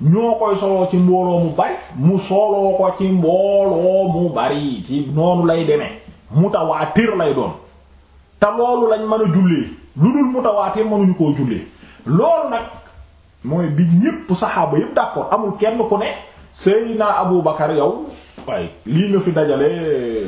ñoo koy soloo ci mbooloo mu bari mu soloo ko ci mbooloo mu bari ci noonu lay demee mutawaatir lay doon. te loolu lañ mën a jullee lu dul mutawaatir mënuñu koo jullee loolu nag mooy bi ñépp saxaaba yépp d'accord amul kenn ku ne Seydina Abu Bakar yow waaye lii nga fi dajale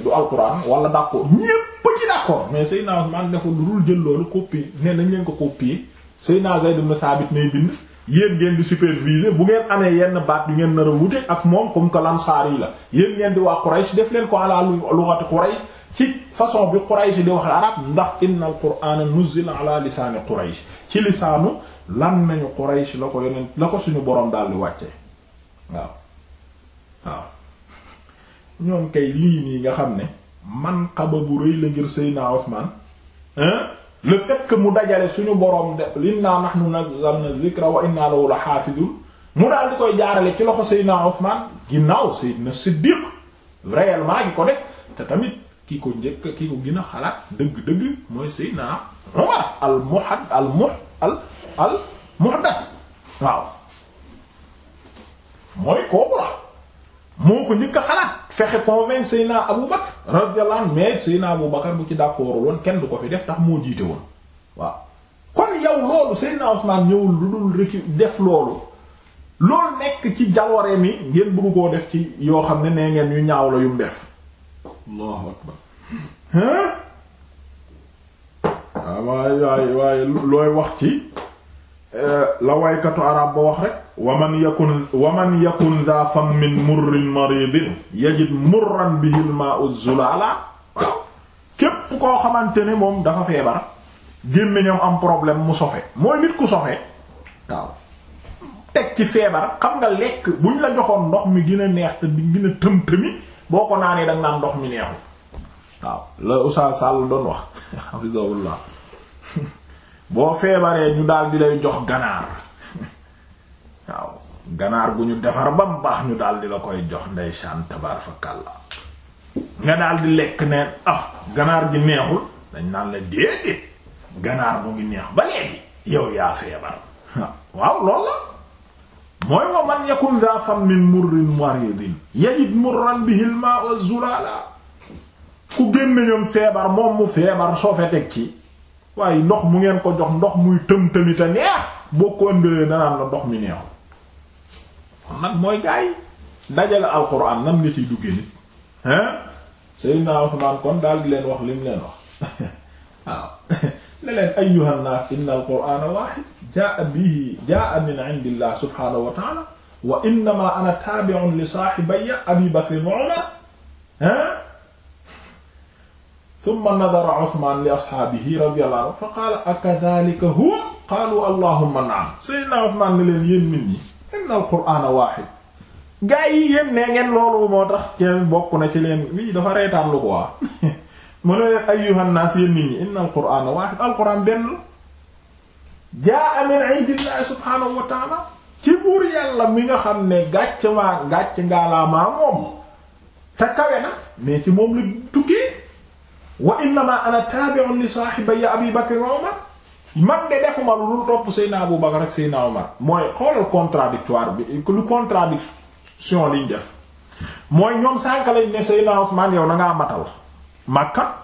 du alquran wala d'accord ñépp ci d'accord mais Seydina Usmaan deful lu dul jël loolu copier ne nañ leen ko copier Seydina Zayd ibn Thabit nay bind yéen ngeen di superviser bu ngeen amee yenn baat yu ngeen nar a wute ak moom comme que lansaar yi la yéen ngeen di waa Quraysh def leen ko ala lughati Quraysh ci façon bi Quraysh di wax arab ndax inna al qur'ana nuzila ala lisaani Quraysh ci lisaanu lan nañu Quraysh la ko yeneen la ko suñu boroom daal di wàcce waaw waaw ñoom kay lii nii nga xam ne man xaba bu rëy la ngir Seydina Ousmane le fait que mu dajale suñu boroom de inna nahnu nazzalna zikra wa inna naa la xaafidun mu daal di koy jaarale ci loxo Seydina Ousmane ginnaaw Seydina Siddiq réellement gi ko def te tamit ki ko njëkk ki ko gën xalaat dëgg-dëgg mooy Seydina Umar al muhad al fexe convaincre Seydina Abu Bakr radiyallahu anhu mais Seydina Abu Bakr bu ci d'accord woon kenn du ko fi def tax moo jiite woon waaw kon yow loolu Seydina Usman ñëwul lu dul def loolu loolu nekk ci jaloore mi ngeen bëgg koo def ci yoo xam ne nee ngeen yu ñaaw la yum def allahu akbar waaw ah, waaye waaye waaye looy wax ci eh, la waykatu arab ba wax rek waman yakun waman yakun za min murrin maridin yajid murran bihi al-ma'u zulala waaw képp koo xamante ne moom dafa feebar gémmiñam am problème mu sofe mooy nit ku sofe waaw teg ci feebar xam nga lekk buñ la joxoon ndox mi gën neex te gën a tëm-tëmi boo ko naanee danga naan ndox mi neexul waaw la Oustaz Sall doon wax hafizahullah boo feebaree ñu daldi di lay jox ganaar waaw ganaar gu ñu defar ba mu baax ñu daal di la koy jox ndeysaan tabaar fa kàlla nga daal lekk neen ah, ganaar gi neexul dañ naan la déedéet ganaar mu ngi neex ba léegi yow yaa feebar <laughs> waaw loolu la mooy wa man yakun za fammin murrin maridin yajid murran bihi al-ma'a zulala ku gémmiñam feebar moom mu feebar sofe teg ci waaye ndox mu ngeen ko jox ndox muy tëm-tëmi te neex boo ko ëndalee la ndox mi neexul kon nag mooy gaay dajale alxuraan nan nga ciy dugge nit hein Seydina Usmaan kon daal di leen wax lim leen wax <laughs> waaw <laughs> leen ayyuhan naas inna al-qur'ana waahid jaa bihi jaa min indillah subhaanahu wa taala wa innama ana taabi'un li saahibayya abi bakr wa umar ha thumma nadara Usmaan li ashaabihi radiyallahu anhu fa qaala akadhalika huwa qaalu allahumma na'am sayyidina Usmaan ne leen yéen nit ñi inna al-qur'aana waahid gaa yi yéen nee ngeen loolu moo tax kenn bokk na ci leen lii dafa reetaan lu ko waa <laughs> mu ne leen ayyuhan naas yéen nit ñi inna al-qur'aana waahid al-qur'aan benn jaa min indillahi subhaanahu wa taala ci buur yàlla mi nga xam ne gàcc maa gàcc ngaalaamaa moom te kawe na mais ci moom la tukkee wa innama ana taabi'un li saahibayya abi bakr wa umar man defuma lu topp seyna abu bakr ak seyna umar mooy xoolal contradictoire bi lu contradiction liñ def mooy ñoom sànk lañ ne seyna usman yow na ngaa matal makka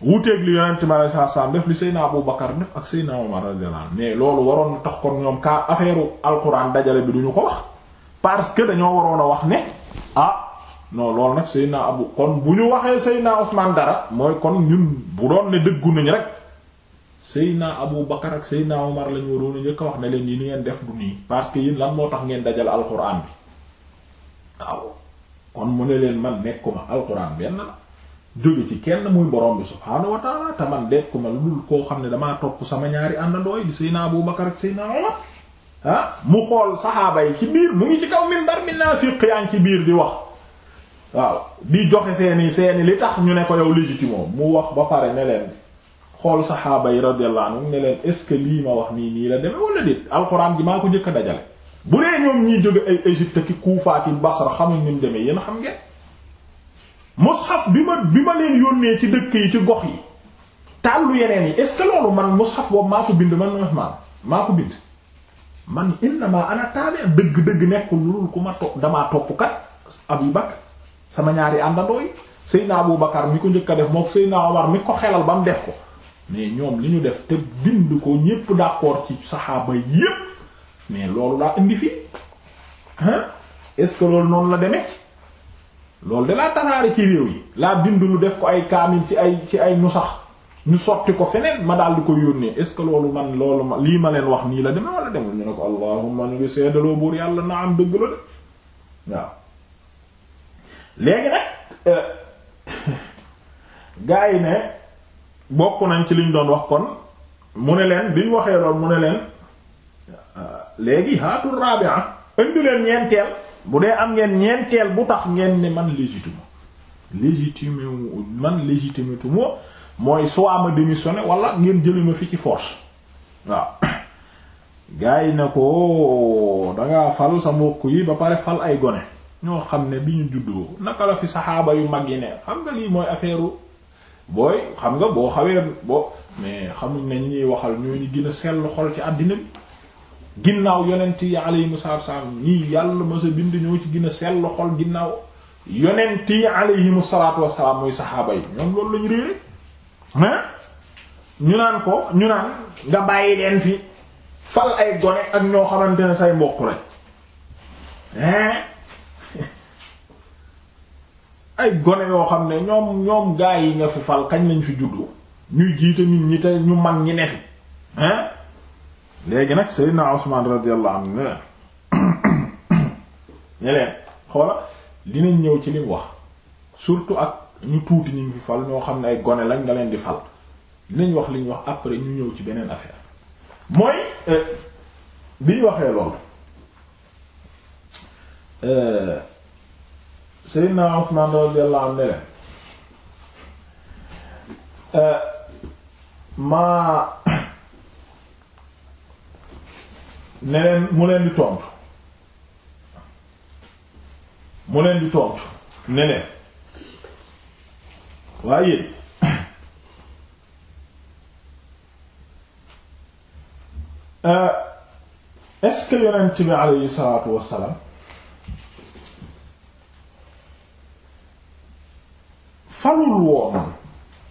wuteeg li yonent mi alayhi salaatu salaam def li Seyna Abu Bakar def ak Seyna Omar radiyallahu anhu mais loolu waroon na tax kon ñoom kaa affaire alquran dajale bi duñu ko wax parce que dañoo waroon a wax ne ah non loolu nag Seyna Abu kon bu ñu waxee Seyna Ousmane dara mooy kon ñun bu doon ne dëggu nañ rek Seyna Abu Bakar ak Seyna Omar lañu waroon a njëkk a wax ne leen yi ni ngeen def du nii parce que yéen lan moo tax ngeen dajale alquran bi waaw kon mu ne leen man nekkuma alquran benn la. jóge ci kenn muy borom bi subhaanahu wa taala te man dekkuma lu dul koo xam ne damaa topp sama ñaari àndandooy di Seydina Abu Bakar ak Seydina Umar ah mu xool saxaaba yi ci biir mu ngi ci kaw minbar mi naafiq yaa ngi ci biir di wax waaw di joxe seeni seeni li tax ñu ne ko yow légitime mu wax ba pare ne leen xool saxaaba yi radiyallahu anhum ne leen est-ce que lii ma wax nii nii la demee wala déet alxuraan bi maa ko njëkk a dajale bu dee ñoom ñiy jóge ay Égypte ki Kuufa ki Basra xamuñ ni mu demee yéen xam ngeen. mushaf bi ma bi ma leen yónnee ci dëkk yi ci gox yi tàllu yeneen yi est-ce que loolu man mushaf boobu maa ko bind man Uthman maa ko bind man innama ana tabi dëgg-dëgg nekkul loolu ku ma topp damaa topp kat Abu Bakr sama ñaari àndandoo yi Seydina Abu Bakr mi ko njëkk a def moom Seydina Omar mi ko xelal ba mu def ko mais ñoom li ñu def te bind ko ñépp d'accord ci saxaaba yépp mais loolu laa indi fii hein loolu noonu la demee loolu de laa tasaare ci réew yi laa bindu lu def ko ay kaamil ci ay ci ay nu ñu sotti ko feneen ma daal di ko yónnee est ce que loolu man loolu ma lii ma leen wax nii la deme wala demul ñu ne ko allahumma ñu ngi seedaloo buur yàlla na am dëgg la waaw léegi nag euh, <laughs> gaa ne bokk nañ ci liñ doon wax kon mu ne leen biñ waxee lool mu ne leen euh, léegi haatul rabi'a indi leen ñeenteel bu dee am ngeen ñeenteel bu tax ngeen ne man légitime légitime man légitime tuma mooy soit ma démissionné wala ngeen jëli ma fi ci force waaw gars yi ne ko oh, dangaa fal sa mbokk yi ba pare fal ay gone ñoo xam ne bi ñu juddoo naka la fi saxaaba yu mag yi ne xam nga lii mooy affaire booy xam nga boo xawee boo mais xamuñ ne ñi ñuy waxal ñoo ñu gën a sell xol ci àddina bi ginnaaw yonent yi alayhimu salaam ñi yàlla ma sa bind ñoo ci gën a sell xol ginnaaw yonent yi alayhimu salaatu wasalaam muy saxaaba yi ñoom loolu lañu réere hein ñu naan ko ñu naan nga bàyyi leen fi fal ay gone ak ñoo xamante ne say mbokk lañ hein <laughs> ay gone yoo xam ne ñoom ñoom gaa yi nga fi fal kañ lañ fi juddu ñuy jiite nit ñi te ñu mag ñi ne fi hein léegi nag Seydina Usman radiyallahu anhu ne leen ne leen xoola dinañ ñëw ci lim wax surtout ak ñu tuuti ñu fi fal ñoo xam ne ay gone lañ nga leen di fal dinañ wax liñ wax après ñu ñëw ci beneen affaire mooy euh, biñ waxee loolu euh, Seydina Usman radiyallahu anhu ne leen euh, maa ne leen mu leen di tontu mu leen di tontu ne waaye <coughs> euh, est-ce que yonent bi aleyhi salaatu wassalaam falul woon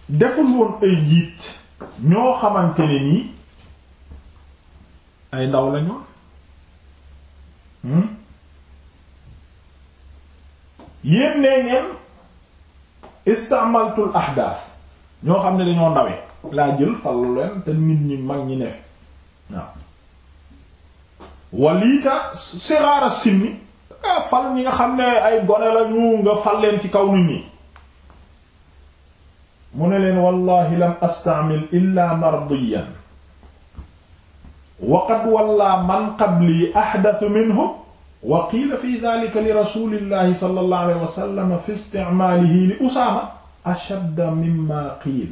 deful woon ay jiit ñoo xamante ne nii ay ndaw lañu hmm yéen nee ngeen istamaltul ñoo xam ne dañoo ndawe laa jël fallu leen te nit ñi mag ñi ne waaw waliita siraara sinni nga fal ñi nga xam ne ay gone lañu nga fal leen ci kaw nit ñi mu ne leen wallahi lam astamil illa mardiyan waqad wallaa man qablii ahdathu minhum wa qiila fi dhalika li rasulillahi sallallahu alayhi wa sallam fi isticmaalihi li usaama ashadda mimma qiil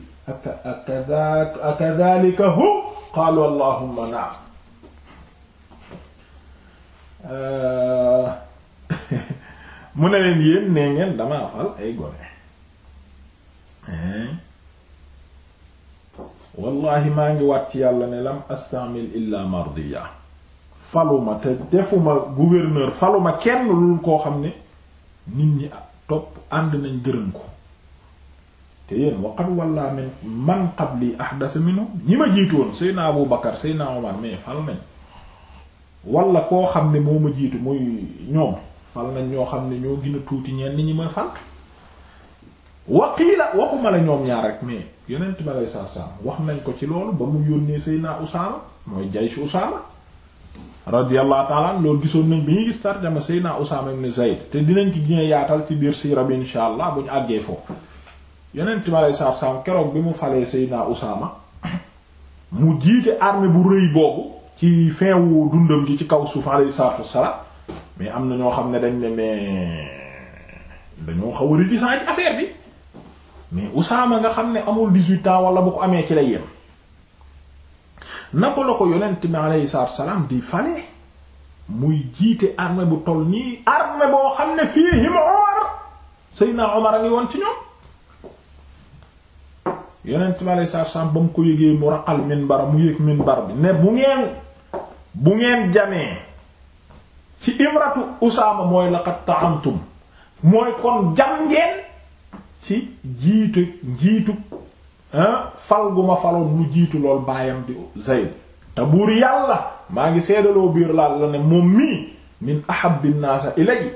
akadhalika hu qaalu allahumma na'am <laughs> mu ne leen yéen nee ngeen damaa fal ay gone wallahi maa ngi waat ci yàlla ne lam astamil illa mardiya faluma te defuma gouverneur faluma kenn lul koo xam ne nit ñi topp ànd nañ gërëm ko te yéen waqat walla min man qabli ahdasa minhum ñi ma jiitoon seyna Abu Bakar seyna Omar mais fal nañ wala koo xam ne moo ma jiitu muy ñoom fal nañ ñoo xam ne ñoo gën a tuuti ñenn ñi ma fal waqiila waxuma la ñoom ñaar rek mais yonent bi aleyhi salaatu salaam wax nañ ko ci loolu ba mu yónnee Seydina Usaama mooy jaysh Usaama radiyallahu ta'ala an loolu gisoon nañ bi ñuy gis tarjama Seydina Usaama ibn Zayd te dinañ ci gën a yaatal ci biir siira bi insha allah bu ñu àggee foofu yonent bi aleyhi salaatu salaam keroog bi mu falee Seydina Usaama mu jiite armée bu rëy boobu ci fin wu dundam gi ci kaw suuf aleyhi salaatu salaam mais am na ñoo xam ne dañ ne mais dañoo xaw a bi mais Usaama nga xam ne amul 18 ans wala bu ko amee ci la yem naka la ko yonent bi alayhi salaam di fale muy jiite armée bu toll nii armée boo xam ne fiihim Umar Seydina Umar a ngi woon ci ñoom yonent bi alayhi salaam ba mu ko yëgee mu raqal minbar mu yëg minbar bi ne bu ngeen bu ngeen jamee ci imratu Usaama mooy laqad ta'amtum mooy kon jam ngeen ci jiitu jiitu fal gu ma faloon mu jiitu lool baayam di Zayd te buur yàlla maa ngi seedaloo biir laal la ne moom mii min ahabbi naasa ilay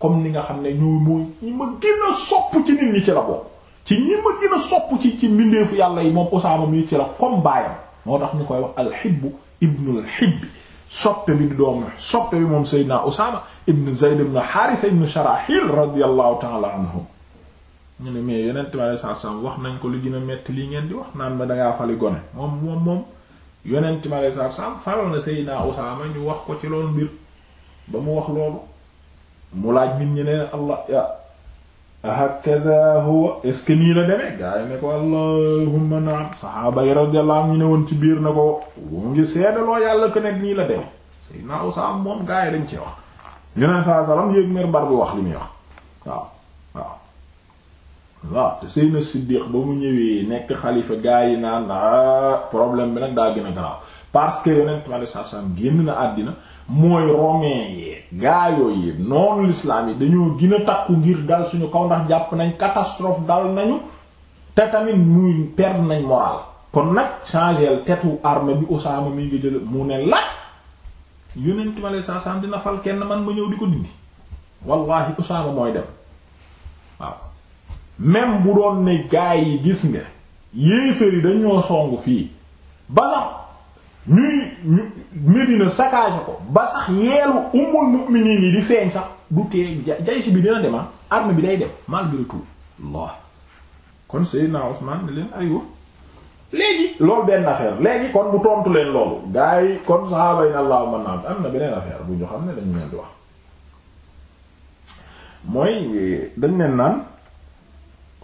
comme ni nga xam ne ñoo mooy ñi ma gën sopp ci nit ñi ci la bokk ci ñi ma gën sopp ci ci mbindeefu yàlla yi moom Usaama mii ci la comme baayam moo tax ñu koy wax alxibbu ibnul xibbi soppe bi di doomu soppe bi moom Seydina Usaama ibn Zayd ibn Haarisa ibn Sharaxil radiyallahu ta'ala anhum ñu ne mais yeneen tubaab yi wax nañ ko li gën metti lii ngeen di wax naan ma dangaa fali gone moom moom moom yeneen tubaab yi faral na Seydina Usaama ñu wax ko ci loolu mbir ba mu wax loolu mu laaj nit ñi ne Allah ya hakaza huwa est ce que nii la demee gaa yi ne ko allahumma ñu ne woon ci biir na ko mu ngi seedaloo yàlla ko nii la demee Seydina Usaama moom gaa yi dañ ci wax yeneen saa salaam yéeg mer mbar bi wax li muy wax. waaw te Seydina Siddiq ba mu ñëwee nekk xalifa gaa yi naan ah problème bi nag daa gën a garaaw parce que yonent ma saa saam génn na àddina mooy romain yee gaa yooyu noonu l'islam yi dañoo gin a takku ngir dal suñu kaw ndax jàpp nañ catastrophe dal nañu te tamit muy perdre nañ moral kon nag changer tetu arme bi Usaama mi ngi mu ne la yonent ma saa saam dina fal kenn man ma ñëw di ko dindi wallahi Usaama mooy dem waaw. même bu doon ne gaay yi gis nga yéeféer yi dañoo songu fii ba sax ñuy Medina saccage ko ba sax yeelu ummul mu'miniin yi di feeñ sax du tee jaysi bi dina dema ah, arme bi day dem malgré tout Allah kon Seydina Usman ne leen aywa léegi loolu benn affaire léegi kon bu tontu leen loolu gars yi kon saxaaba yi na laaw mën naa am na beneen affaire bu ñu xam ne dañu leen di wax mooy eh, dañ leen naan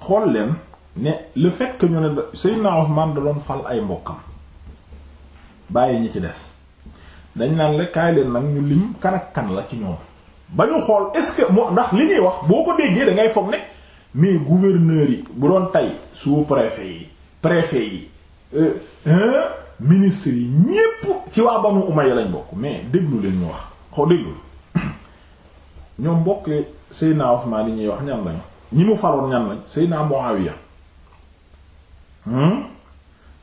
xool leen ne le fait ñu ne Seydina man da doon fal ay mbokkam bàyyi ñi ci des dañ naan la leen nag ñu lim kan la ci ñoom ba ñu xool est-ce moo ndax li ñuy wax boo ko déggee da ngay foog ne mais gouverneurs yi bu doon tey sous-préfet yi préfet yi euh, ministre yi ñépp ci waa Banu Umayya lañ mbokk mais déglu leen ñu wax xaw déglu <coughs> ñoom mbokk wax Usmaan li ñuy wax ñan lañu ñi mu faroon ñan lañ Seydina Muawiya hmm?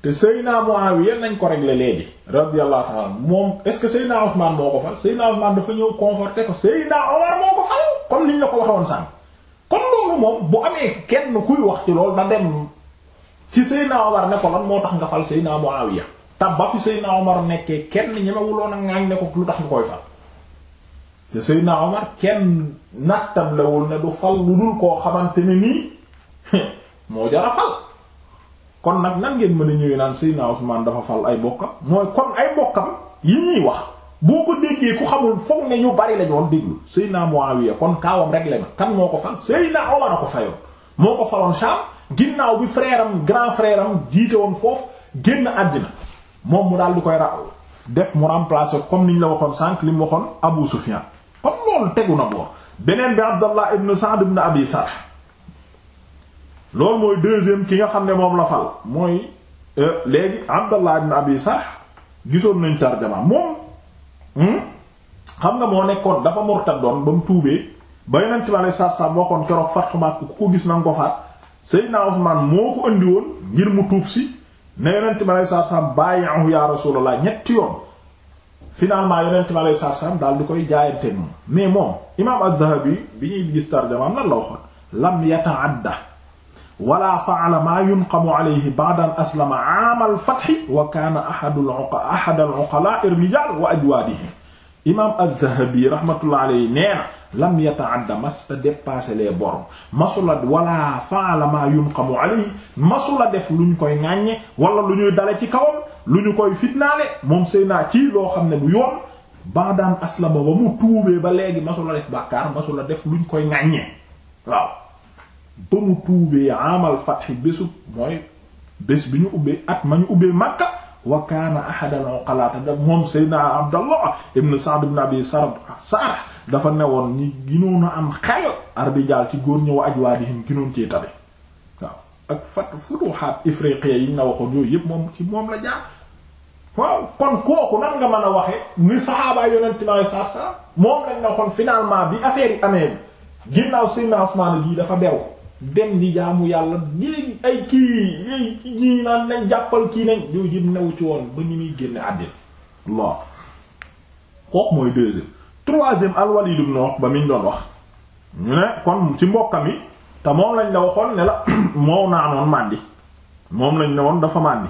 te Seydina Muawiya nañ ko régler léegi radiyallahu ta'ala moom est-ce que Seydina Ousmane moo ko fal Seydina Ousmane dafa ñëw conforter ko Seydina Omar moo ko fal comme niñ la ko waxoon sànq kon loolu moom bu amee kenn kuy wax ci loolu na dem ci Seydina Omar ne moo tax nga fal Seydina Muawiya nekkee kenn ñemewuloon a ŋaañ ne ko lu tax nga koy fal te Seydina Omar kenn nattablewul ne du fal lu dul koo xamante ni nii <laughs> moo jara fal kon nag nan ngeen mën a ñëwee naan Seydina Usmaan dafa fal ay bokkam mooy kon ay bokkam yi ñuy wax boo ko déggee ku xamul foog ne ñu bari la ñu woon déglu Seydina Muawiya kon kaawam rek la kan moo ko fal Seydina Omar a ko fayoon moo ko faloon Sham ginnaaw bi frère grand frère am jiite woon foofu génn àddina moom mu daal di koy ra def mu remplacer comme ni la waxoon sànq li waxoon Abu Sufyan comme tegu na boor beneen bi abdallah ibn sa'd ibn abi sarh loolu mooy deuxième ki nga xam ne moom la fal mooy euh, léegi abdallah ibn abi sarh gisoon nañ tarjama moom hmm? xam nga moo nekkoon dafa murtad doon ba mu tuubee ba yonent bi alei satu salaam waxoon keroog fatxu Makka ku ko gis na nga ko faat Seydina moo ko indi woon ngir mu tuub si ne yonent bi alei satu salaam bàyyi'ahu ya rasulullah ñetti yoon finalement yonent mi aleyhi salaatu wa salaam daal di koy jaayanteeg moom mais moom imaam az-Zahabi bi ñuy gis tarjamaam lan la waxoon lam yata'adda wala fa'ala maa yunqamu alayhi ba'da an aslama 'aama al-fath wa kaana ahadul 'uqalaa ahadul 'uqalaa ar-rijaal wa ajwaadihim imaam az-Zahabi rahmatullahi alayhi nee na lam yataadda masta dépasser les bornes masula wala faala ma yunqamu alayhi masula def lu ñu koy ŋàññe wala lu ñuy dale ci kawam lu ñu koy fitnaale moom sëy naa ci loo xam ne du yoon ba daan aslama ba mu tuubee ba léegi masula def bàkkaar masula def lu ñu koy ŋàññe waaw ba mu tuubee amal fatxi bésu mooy bés bi ñu ubbee ak ma ñu ubbee Makka wa kaana ahadal uqalaata moom Seydina Abdallah ibn Sa'd ibn Abi Sarh dafa newoon ñi ginoon a am xel arbijaal ci góor ñi wa ajwaadihim ginoon ci tabe waaw ak fat futuhaat ifriqiya yi nga waxoon yooyu yëpp moom ci moom la jaar waaw kon kooku nan nga mën a waxe ni saxaabaa yonent ma sa sa moom lañ na waxoon finalement bi affaire yi amee bi ginnaaw Seydina Usmaan gi dafa bew dem di jaamu yàlla di ay kii ay ñii naan nañ jàppal kii nañ yooyu yëpp newu ci woon ba ni muy génne àddina waaw kooku mooy deuxième troisième al-Walid ibn Uqba mi ñu doon wax ñu ne kon ci mbokkam mi te moom lañ la waxoon ne la <clears throat> moo naanoon màndi moom lañ ne woon dafa màndi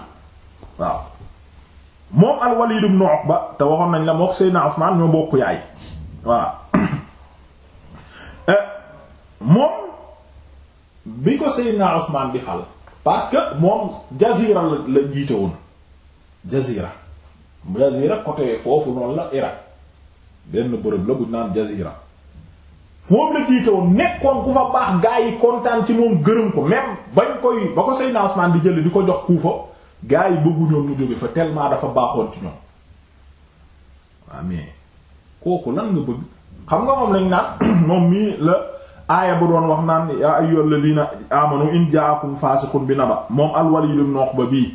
waaw moom al-Walid ibn Uqba te waxoon nañ la moo Seydina Usmaan ñoo bokk yaay voilà <coughs> eh, moom bi ko Seydina Usmaan bi fal parce que moom jazira la la jiite woon jazira jazira foofu noonu la Irak benn bërëb la buñ naan jazira moom la jiite woon nekkoon ku fa baax gaa yi kontaan ci moom gërëm ko même bañ koy ba ko Seydina Usmaan di jël di ko jox kuufa gaa yi bëgguñoon mu jóge fa tellement dafa baaxoon ci ñoom waaw ah, mais kooku lan nga bëgg xam nga moom lañ naan <clears throat> moom mii la aaya bu doon wax naan yaa la ladina amanu in ja'akum fasiqun bi naba moom al-Walid ibn ba bii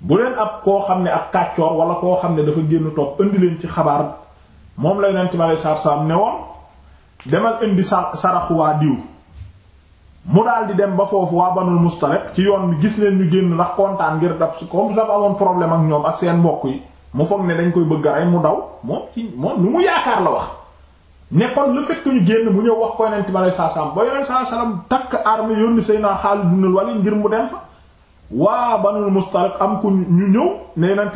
bu leen ab koo xam ne ak kàccoor wala koo xam ne dafa génn topp indi leen ci xabaar moom la yonent ci aleyhi salaatu salaam ne woon demal indi sa saraxu waa diw mu daal di dem ba foofu waa banul Mustaliq ci yoon mi gis leen ñu génn ndax kontaan ngir dab si comme dafa amoon problème ak ñoom ak seen mbokk yi mu foog ne dañ koy bëgg a mu daw moom ci moom lu mu yaakaar la wax. ne kon le fait que ñu génn mu ñëw wax ko yonent mi aleyhi salaatu salaam ba yonent takk salaam takk arme yónni Seydina Xaalid ibn Walid ngir mu dem fa waa banul Mustaliq am ku ñu ñëw ne yonent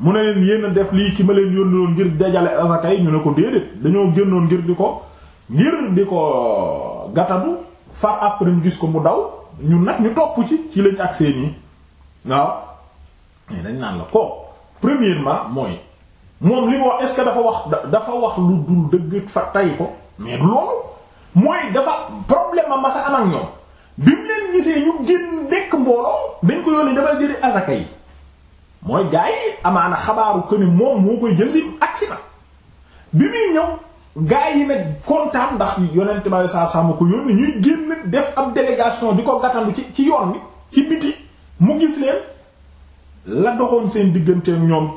mu ne leen yéen def lii ci ma leen yónniloon ngir dajale asaka yi ñu ne ko déedéet dañoo génnoon ngir di ko ngir di ko gatanu far après ñu gis ko mu daw ñu nag ñu topp ci ci lañ ak seen waaw mais dañ naan la ko premièrement mooy moom li mu wax est dafa wax dafa wax lu dul dëgg fa tay ko mais du loolu mooy dafa problème ma masa am ak ñoom bi mu leen gisee ñu génn dekk mbooloo dañ ko yónni dafa jëri asaka yi mooy gars yi amaana xabaaru ko ni moom moo koy jël si agsi na bi muy ñëw gars yi nag kontaan ndax yonent ba saa saa ma ko yónni ñuy génn def ab délégation di ko gàttandu ci ci yoon bi ci biti mu gis leen la doxoon seen digganteek ñoom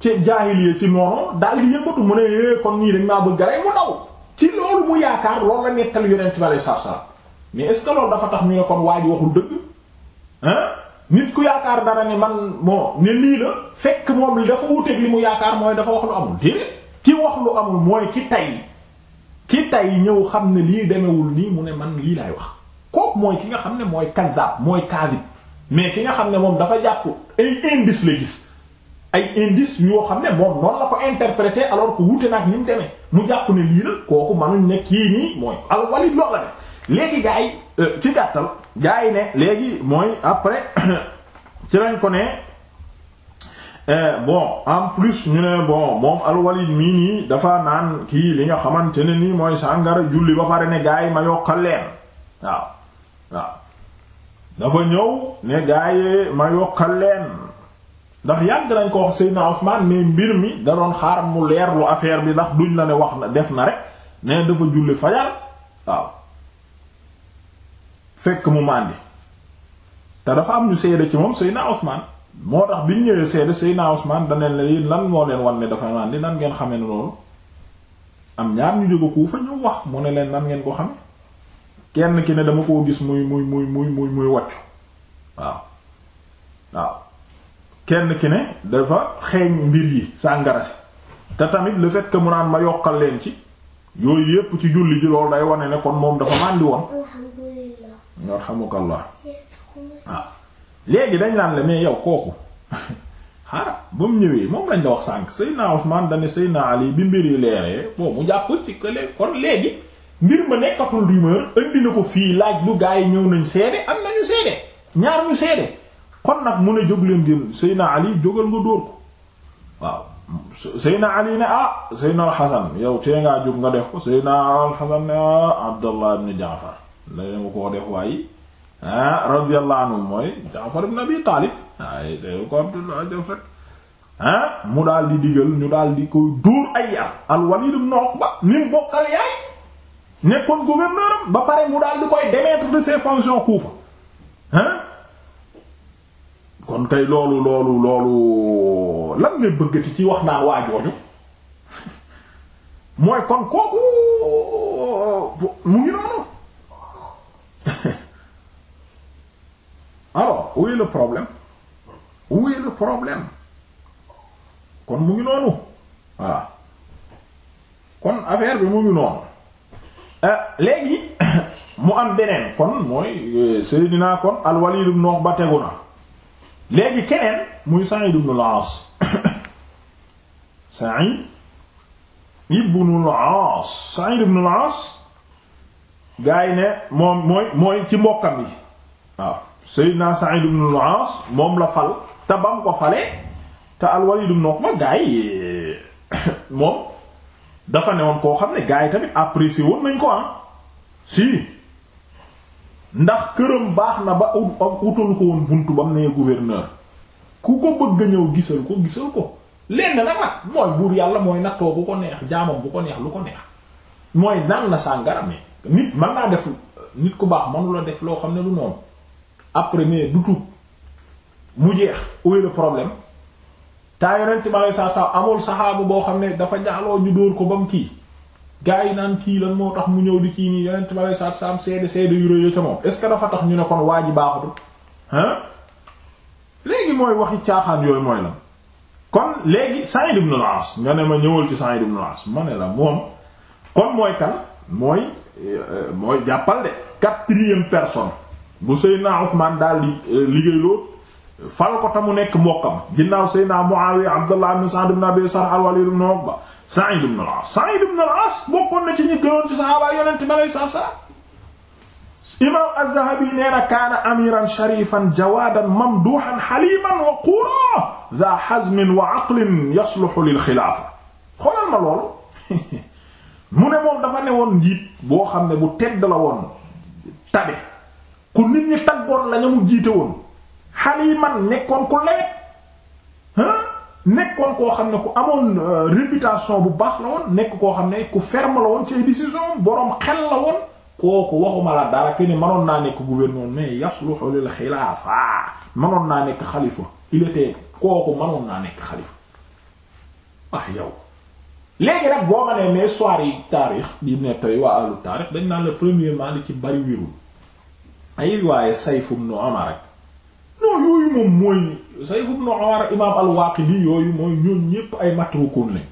ci jaahiliya ci noonu daal di yëngatu mu ne eh, kon ñii dañ maa bëgg rek mu daw ci loolu mu yaakaar loolu la nettal yonent bi alayhi salaatu mais est dafa tax ñu ne kon waa ji waxul dëgg nit ku yaakaar dara ne man moo ne lii la fekk moom li dafa wuteeg li mu yaakaar mooy dafa wax lu amul déedéet ki wax lu amul mooy ki tay ki tay ñëw xam ne lii demewul nii mu ne man lii laay wax kooku mooy ki nga xam ne mooy kaddaab mooy kaadib mais ki nga xam ne moom dafa jàpp ay indice la gis ay indice yoo xam ne moom noonu la ko interpréter alors que wute nag ni mu demee mu jàpp ne lii la kooku mënuñ ne kii nii mooy alwali lool la def léegi gaa yi euh, ci gàttal gaa ne léegi mooy après <coughs> ci lañ ko ne euh, bon en plus ñu ne bon moom alwalid mii nii dafa naan kii li nga xamante ne nii mooy sàngara julli ba pare ne gaa yi ma yokkal leen waaw waaw dafa ñëw ne gaa ma yokkal leen ndax yàgg nañ ko wax Seydina Ousmane mais mbir mi da doon xaar mu leerlu affaire bi ndax duñ la ne wax na def na rek ne dafa julli fajar waaw fekk mu màndi te dafa am ñu seede ci moom Seydina Usmaan moo tax bi ñu ñëwee seede Seydina Usmaan daneen la yéen lan moo leen wan ne dafa màndi nan ngeen xamee ne loolu am ñaar ñu jóge ku fa ñu wax mu ne leen nan ngeen ko xam kenn ki ne dama gis muy muy muy muy muy muy wàccu ki ne dafa xeeñ mbir yi sàngara si te tamit le fait que mu naan ma yokkal leen ci yooyu yépp ci julli ji loolu day wane ne kon moom dafa màndi woon yarhamukallah waaw ah. léegi dañ naan la mais yow kooku <laughs> xaaral ba mu ñëwee moom lañ la wax sànq Seydina Ousmane dañ ne Ali bi mbir leeree bon mu jàpp ci kële kon léegi mbir ma nekkatul rumeur indi na ko fii laaj bu gaa yi ñëw nañ seede am nañu seede ñaar ñu seede kon nag mu ne jóg leen gën Seydina Ali jógal nga dóor ko waaw Seydina Ali ne ah Seydina Al Hasan yow tee ngaa jóg nga def ko Seydina Al Hasan ne ah Abdallah ibn Jaafar nañu koo def waaye ah radiyallahu anhu mooy Jaafar ibn Abi Taalib waaye tey ko def rek ah mu daal di digal ñu daal di koy dóor ay yar al Walid ibn ni mu bokkal yaay nekkoon gouverneur am ba pare mu daal di koy démettre de ses fonctions Kufa ah kon kay loolu loolu loolu lan ngay bëggati ci wax naa waajooju mooy kon kooku mu ngi noonu alors ah, où est le problème où est le problème kon mu ngi noonu voilà kon affaire bi mu ngi noonu euh, léegi <coughs> mu am beneen kon mooy euh, Seydina kon al-Walid ibn Uqba tegu na léegi keneen muy Sa'id ibn al-As <coughs> Sa'id ibn al-As Sa'id ibn al-As gaa ne moom mooy mooy ci mbokkam yi waaw Seydina Sa'id ibn al-As moom la fal te bam ko falee te al-Walid ibn Uqba gaa yi <coughs> moom dafa newoon koo xam ne gaa yi tamit apprécié woon nañ ko am ah. si ndax këram baax na ba utal ko woon buntu ba mu ne gouverneur ku ko bëgg ñëw gisal ko gisal ko lenn nag nag mooy buur yàlla mooy nattoo bu ko neex jaamam bu ko neex lu ko neex mooy nan na sàngara mais nit man naa def nit ku baax mënu la def loo xam ne lu noonu après mais du tuub mu jeex où est problème taa yonent ma lay saa saa amul saxaabu boo xam ne dafa jaaloo ñu dóor ko ba mu kii gaa yi naan kii lan moo tax mu ñëw di kii nii yonent ma lay saa saa am seede seede yu rëy ca moom est dafa tax ñu ne kon waa ji baaxutul hein léegi mooy waxi caaxaan yooyu mooy la kon léegi Sa'id ibn al-As nga ne ma ñëwal ci Sa'id ibn al-As ma ne la moom kon mooy kan mooy euh, mooy jàppal de quatrième personne bu Seydina Usmaan daal di eh, liggéeyloo fal ko tamu nekk mbokkam ginnaaw Seydina Muawiya Abdullah ibn Sa'd ibn Abi Sarh al-Walid ibn Uqba Sa'id ibn al-As Sa'id ibn al-As bokkoon na ci ñi gënoon ci saxaaba yonent bi alayhi salaatu salaam imaam az-Zahabi nee na kaana amiran sharifan jawaadan mamduhan haliman wa quraa dha hazmin wa aqlin yasluhu lil xilaafa xoolal ma loolu <laughs> mu ne moom dafa ne woon njiit boo xam ne bu tedd la woon tabe ku nit ñi taggoon lañu mu jiite woon yi man nekkoon ku lewet ah nekkoon koo xam ne ku amoon euh, réputation bu baax la woon nekk koo xam ne ku ferme la woon ci décision boroom xel la woon kooku waxuma la dara ke ne mënoon naa nekk gouverneur mais yasluhu lil xilaafa mënoon naa nekk xalifa il était kooku mënoon naa nekk xalifa ah yow léegi nag boo ma ne mais soir yi taarix di nettali waa àllu taarix dañ naan la premièrement li ci bari wérul ay riwaaye Sayf ibn Umar ak non yooyu moom imaam al yooyu mooy ñoom ñépp ay matrukuun lañ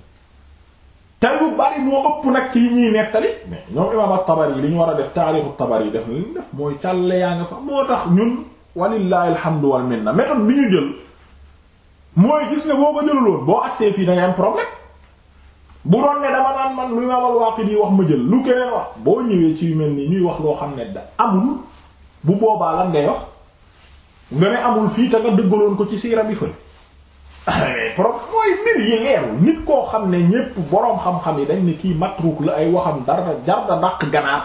te lu bari moo ëpp nag ci ñuy nettali mais ñoom imaam at-Tabari li ñu war a def taariixu at-Tabari def na li ñu def mooy càlle yaa nga fa moo tax ñun walillahi alhamdu wal minna méthode bi ñu jël mooy gis ne boo ko jëlul woon boo agsee fii da am problème bu doon ne dama naan man lu imaam al wax ma jël lu keneen wax boo ñëwee ci yu mel nii ñuy wax loo xam ne da amul. bu boobaa la ngay wax nga ne amul fii te nga dëggaloon ko ci siira bi fël eh, problème mooy mbir yi leerul nit koo xam ne ñépp boroom xam-xam yi dañ ne kii matruk la ay waxam dara jar da dàq ganaar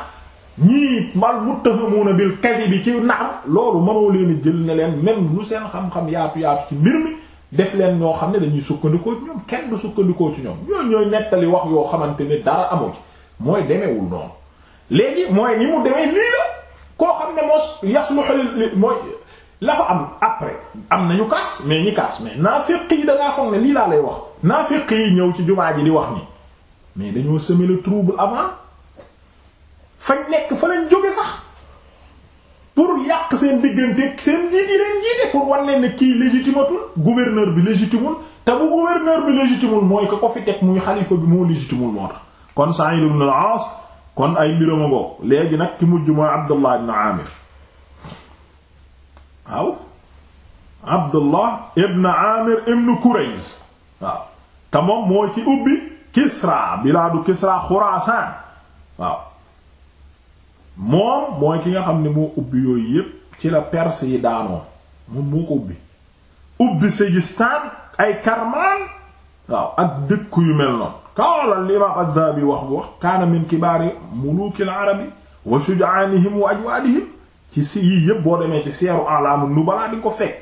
ñii mal muttahamuna bil kadhibi ci naam loolu mënoo leen a jël ne leen même lu seen xam-xam yaatu yaatu ci mbir mi def leen ñoo xam ne dañuy sukkandikoo ci ñoom kenn du sukkandikoo ci ñoom ñooñu ñooy nettali wax yoo xamante ne dara amu mooy demewul noonu léegi mooy koo xam ne moos yasluhu li mooy la fa am après am nañu kas mais ñi kaas mais naafiq yi dangaa foog ne lii laa lay wax naafiq yi ñëw ci jumaa ji di wax ni mais dañoo semer le trouble avant fañ nekk fa lañ jóge sax pour yàq seen diggante seen jiit yi leen jiite pour wan leen ne kii légitimatul gouverneur bi légitimul te bu gouverneur bi légitimul mooy que ko fi teg muy xalifa bi moo légitimul moo tax kon Sa'id ibn al-As kon ay mbiram a ngoog léegi nag ki mujj mooy Abdullah ibn Amir ibn Amir waaw te moom moo ci ubbi Kisra bilaadu Kisra Xuraasaan waaw moom mooy ki nga xam ni moo ubbi yooyu yépp ci la Perse yi daanoo moom moo ko ubbi ubbi Sijistaan ay Karmaan waaw ak dëkk yu mel noonu kaolal limaam addahabi wax bu wax kaana min kibaari muluukil arabi wa shujaanihim wa ajwaadihim ci si yii yépp boo demee ci seeru alaamu nubalaa di ko fekk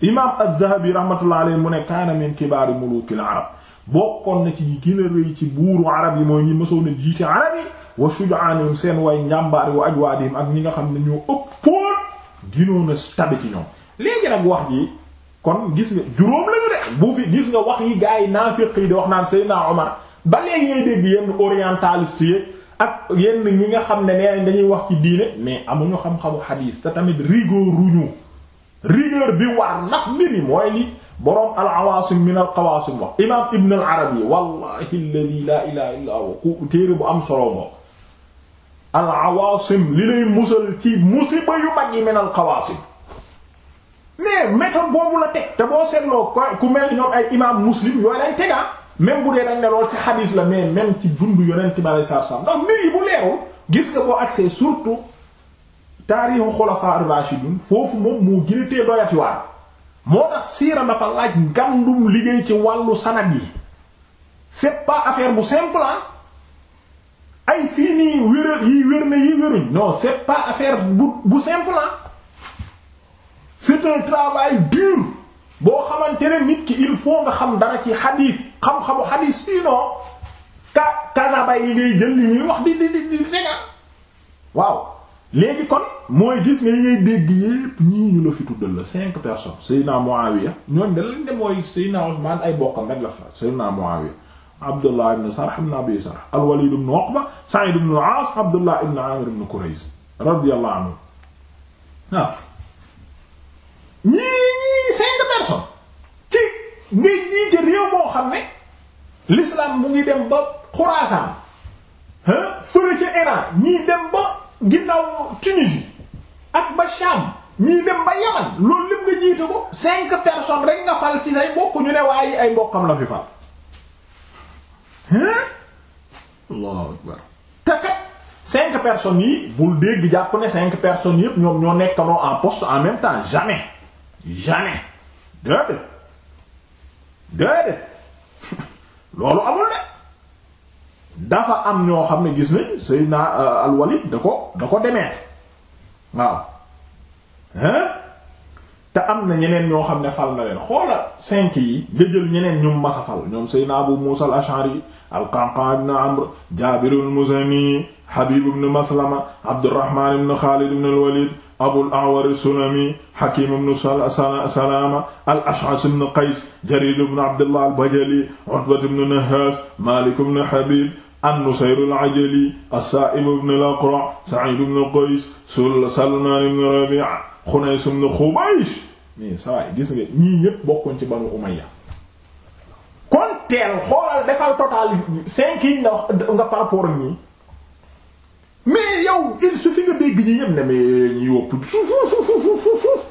imaam addahabi rahmatullah alayhi mu ne kaana min kibaari muluukil arab bokkoon na ci ñi gën a rëy ci buuru arab yi mooy ñi mësoon a jiite arab yi wa shujaanihim seen way njàmbaari wa ajwaadihim ak ñi nga xam ne ñoo ëppoon ginoon a ñoom léegi nag wax ji kon gis nga juróom lañu de gis nga wax yi gaa yi wax naan ba léegi ngay dégg yenn orientaliste yi ak yenn ñi nga xam ne nee dañuy wax ci diine mais amuñu xam-xamu xadiis te tamit rigueur ruñu rigueur bi war ndax mbir yi mooy li boroom al-Awaasim min al-Qawaasim wax imaam Ibn al-Arabi wallahi alladhi laa ilaaha illaa huwa ku téere bu am solo moom al-Awaasim li lay musal ci musiba yu mag yi min al-Qawaasim mais méthode boobu la teg te boo seetloo ku mel ñoom ay imaam Muslim yooyu lay tegaa ah. même bu dee dañ ne ci xadiis la mais même ci dund yonent bi alei satu ndax mbir yi bu leerul gis nga boo accès surtout taarixu xulafaa ar-rashidun foofu moom moo gënatee doyati waat moo tax siira dafa laaj ngandum liggéey ci wàllu sanad yi c'est pas affaire bu simple ay fii nii wér yi wér na yi wéruñ non c'est pas bu bu simple travail dur boo xamante ne nit ki il faut nga xam dara ci xadiis xam-xamu xadiis sinon ka kanaba yi ngay jël li ñuy wax di di di di sega waaw léegi kon mooy gis nga yi ngay dégg yépp ñii ñu la fi tuddal la cinq personnes Seydina Muawiya ñoon lañ de mooy Seydina Usman ay bokkam rek la fa Seydina Muawiya Abdullah ibn Sarh ibn Abi Sarh al-Walid ibn Uqba Sa'id ibn al-As Abdullah ibn Amir ibn Kurayz radiyallahu anhu waaw leen son ci ngay jiite réew moo xam ne l'islam mu ngi dem ba Xuraasaan fële ca Iran ñii dem ba ginnaaw Tunisie ak ba Sham ñii dem ba Yaman loolu lépp nga jiite ko cinq personnes rek nga fal ci say mbokk ñu ne waaye ay mbokkam la fi fal hein Allahu akbar takat cinq personnes yi bul dégg jàpp ne cinq personnes yëpp ñoom ñoo nekkanoo en poste en même temps jamais jamais déedéet déedéet <laughs> loolu amul ne dafa am ñoo xam ne gis nañ Seydina euh, al-Walid da ko da ko demee waaw hein te am na ñeneen ñoo xam ne fal na leen xoola cinq yi nga jël ñeneen ñu masa fal ñoom Seydina Abu Musa al-Ash'ari al-Qanqan ibn Amr Jaabir ibn Muzani Habib ibn Maslama Abdurrahman ibn Khalid ibn al Abul A'war as-Sulami Hakim ibn Salama al-Ash'ath ibn Qays Jarir ibn Abdullah al-Bajali Utba ibn Nahhas Malik ibn Habib an-Nusayr al-Ajali as-Sa'ib ibn al-Aqra' Sa'id ibn Qays Salman ibn Rabi' Khunays ibn Khubaysh nii sawaay gis nga ñii ñépp bokkuñ ci Banu Umayya kon teel xoolal defal total cinq yi nga wax nga par rapport ak ñii mais yow il suffit nga dégg ñi ñëpp ne mais ñi wopp suuf suuf suuf suuf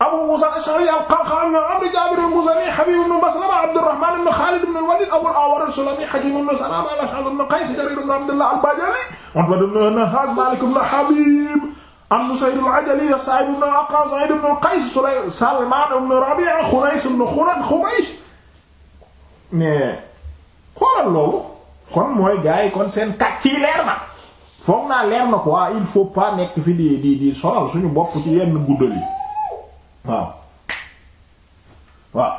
Abu Musa al-Ash'ari al-Qa'qa' ibn Amr Jabir al-Muzani Habib ibn Maslama Abdurrahman ibn Khalid ibn al-Walid Abu al-Awar al-Sulami Hakim ibn Salama al-Ash'ari ibn Qays Jarir ibn Abdullah al-Bajali Utba ibn Nahhas Malik ibn Habib am Nusayr al-Ajali Sa'ib ibn al-Aqra' Sa'id ibn Qays Salman ibn Rabi'a Khunays ibn Khubaysh mais xoolal loolu kon mooy gars yi kon seen kàcc yi leer na foog naa leer na quoi ah, il faut pas nekk fi di di di sonal suñu bopp ci yenn guddal yi waaw waaw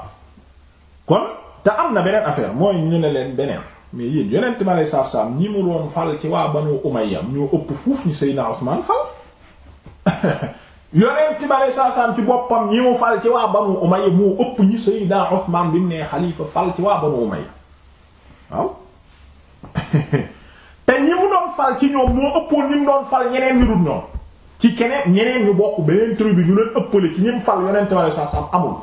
kon te am na beneen affaire mooy ñu ne leen beneen mais yéen yonent ma lay saaf saaf ñi mu doon fal ci waa Banu Umayya ñoo ëpp ma lay saaf saaf ci boppam ñi mu fal ci ñu Seydina Usmaan bi mu nee xalifa fal ci waa Banu Umayya waaw. <laughs> te ñi mu doon fal ci ñoom moo ëppoon ñi doon fal ñeneen ñu dul ñoom ci keneen ñeneen ñu bokk beneen tribu ñu leen ëppale ci ñi mu fal yonent ma sa sam amul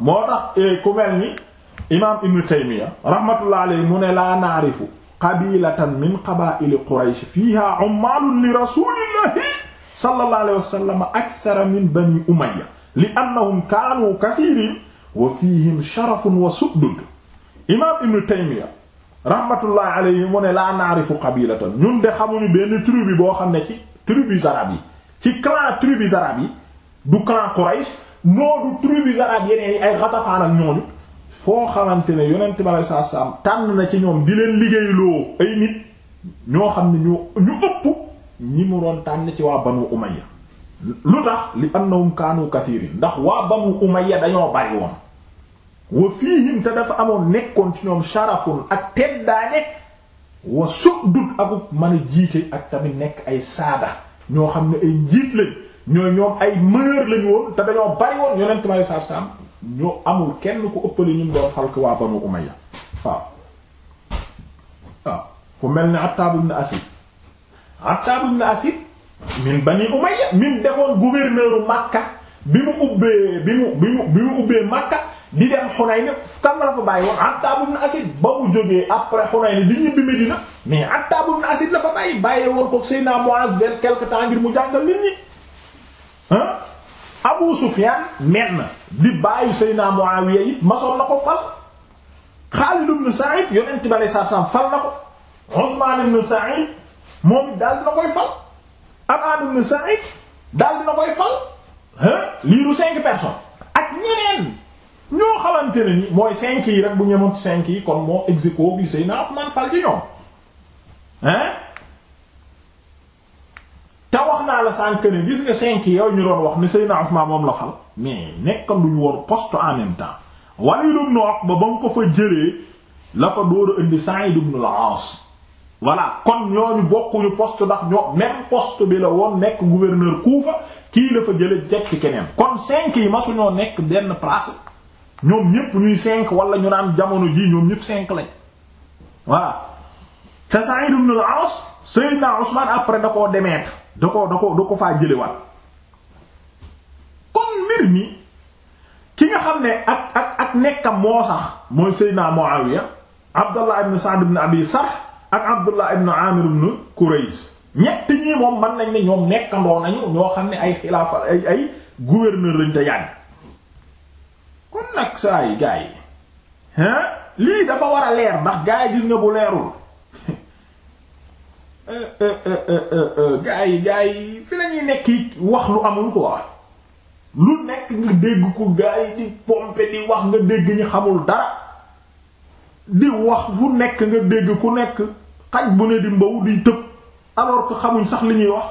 moo tax eh, ku mel ni imaam ibnu taymiya rahmatullah alayhi mu ne laa naarifu min qabaili quraysh fiha ummalun li rasulillahi sallallahu alayhi wasallam akthara min bani umayya li annahum kaanu kathirin wa fihim sharafun wa su'dud rahmatullah alayhi mu ne laa naarifu qabilatan ñun de xamuñu benn tribu boo xam ne ci tribus arabes yi ci clan tribus arabes yi du clan Quraysh noo du tribus arabes yeneen yi ay Ghatafaan ak ñooñu foo xamante ne yonent bi alayhi salaatu tànn na ci ñoom di leen liggéeyloo ay nit ñoo xam ne ñoo ñu ëpp ñi mu doon tànn ci waa Banu Umayya lu tax li annahum kaanu kathirin ndax waa Banu Umayya dañoo bari woon wa fiihim te dafa amoon nekkoon ci ñoom sharafun ak teddaange wa su'dud akuk mën a jiite ak tamit nekk ay saada ñoo xam ne ay njiit lañ ñooy ñoom ay mënër lañ woon te dañoo bari woon yonent mi alayhi salaatu ñoo amul kenn ku ëppale ñu doon xalk waa Banu Umayya waaw waaw ku mel ni Attab ibn Asid Attab ibn Asid min Bani Umayya min defoon gouverneur Makka bi mu ubbee bi mu bi mu ubbee Makka bi dem Xunayn kam la fa bàyyi woon Attab ibn Asid ba mu jógee après Xunayn di Medina mais Attab ibn Asid la fa bàyyi bàyyi woon ko Seydina Muaz vers quelque mu jàngal nit ñi ah Abu Sufyan men di bàyyi Seydina Muawiya it masoon na ko fal Xaalid ibn Sa'id yonent bi alayhi fal na ko Usman ibn Sa'id daal dina koy fal Aban ibn Sa'id daal dina koy fal ah liiru cinq personnes ñoo xamante ne ni mooy cinq yi rek bu ñemoon ci cinq yi kon moo ex aequo bi Seydina Usmaan fal ci ñoom hein te wax naa la sànq ne gis nga cinq yow ñu doon wax ni Seydina Usmaan moom la fal mais nekk duñu woon poste en même temps Walid ibn Uqba ba mu ko fa jëlee la fa door a indi Sa'id ibn al-As voilà kon ñooñu bokkuñu poste ndax ñoo même poste bi la woon nekk gouverneur Kufa kii la fa jële teg ci keneen kon cinq yi masuñoo nekk benn place ñoom ñépp ñuy cinq wala ñu naan jamono ji ñoom ñépp cinq lañ voilà te Sa'id ibn al-As Sayyidna Usman après da koo demeet da ko da ko da ko faa jëlewaat kon mbir mi ki nga xam ne ak ak ak nekkam moo sax mooy Sayyidna Muawiya Abdullah ibn Sa'd ibn Abi Sarh ak Abdullah ibn Amir ibn Kurayz ñett ñii moom mën nañ ne ñoom nekkandoo nañu ñoo xam ne ay xilaafa ay ay gouverneur lañ te yàgg kon nag saa yi gaa yi hein lii dafa war a leer ndax gaa yi gis nga bu leerul <laughs> euh, euh, euh, gaa yi gaa yi fi lañuy nekk wax lu amul quoi lu nekk nga dégg ko gaa yi di pomper di wax nga dégg ñu xamul dara di wax fu nekk nga dégg ku nekk xaj bu ne di mbaw di tëb alors que xamuñ sax li ñuy wax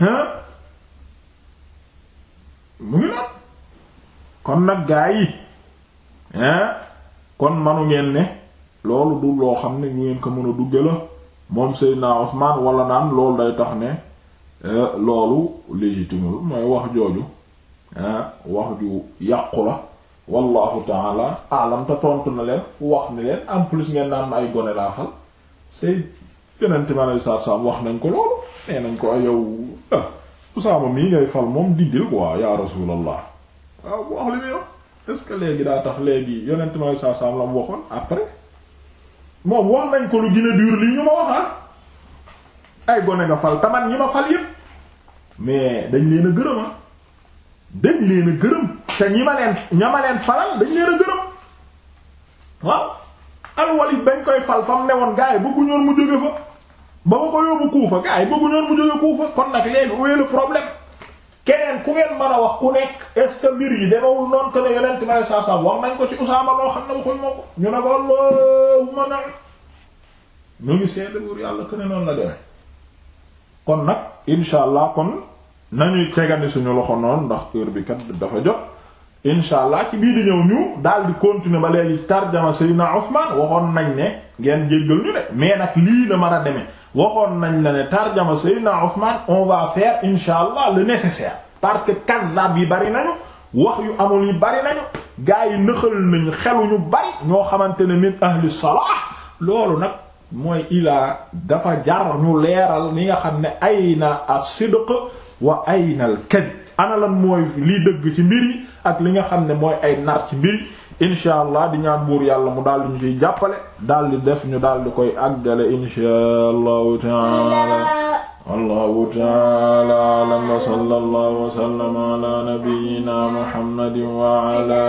hein mu ngi nag kon nag gaa yi hein kon manu ngeen ne loolu du loo xam ne lu ngeen ko mën a dugge la moom naa Usmaan wala naan loolu day tax ne euh, loolu légitimul mooy wax jooju wax ju yàqu la wallahu taala alam te tontu na leen wax ni leen en plus ngeen naan ma ay gone laa fal say yenente mi alei satu salaam wax nañ ko loolu nee nañ ko ay yow ah Usaama mii ngay fal moom dindil quoi ya rasulallah waaw bu wax li muy wax est léegi daa tax léegi yonent ma saa la mu waxoon après moom wax nañ ko lu gën a dur li ñu ma wax ah. ay gone nga fal taman ñi ma fal yépp mais dañ leen a gërëm ah dañ leen a gërëm te ñi ma leen falal dañ leen a gërëm waaw alwalit bañ koy fal fam ne woon gars yi bëgguñoon mu jóge fa ba ma ko yóbbu kuufa gars yi bëgguñoon mu jóge kuufa kon nag léegi où est problème keneen ku ngeen mën a wax ku nekk est-ce mbir yi demawul noonu que ne yonent ma saa wax nañ ko ci Usaama loo xam ne waxuñ ma ngi seede yàlla que ne noonu la demee. kon nag incha kon nañuy tegandi suñu loxo noon ndax heure bi kat dafa jot incha allah ci bii di ñëw ñu daal di continuer ba léegi tarjama Seydina Usmaan waxoon nañ ne ngeen jéggal ñu ne mais nag lii la mën a demee. waxoon nañ la ne tarjama Seydina Ousmane on va faire insha allah le nécessaire parce que kazzab yi bari nañu wax yu amul yi bari nañu gaa yi nëxal nañ xeluñu bari ñoo xamante ne min ahli salah loolu nag mooy ilaa dafa jar ñu leeral li nga xam ne ayna as-sidq wa ayna al-kadhib ana lan mooy liy dëgg ci mbir yi ak li nga xam ne mooy ay nar ci mbir yi insha allah di ñaan buur yàlla mu daal di ñu ciy jàppale daal di def ñu daal di koy àggale insha allahu taala allahu taala alam wa sallallahu wa sallama ala nabiyyina muhammadin wa ala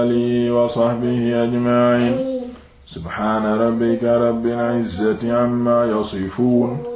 alihi wa sahbihi ajma'in subhana rabbika rabbil izzati amma yasifun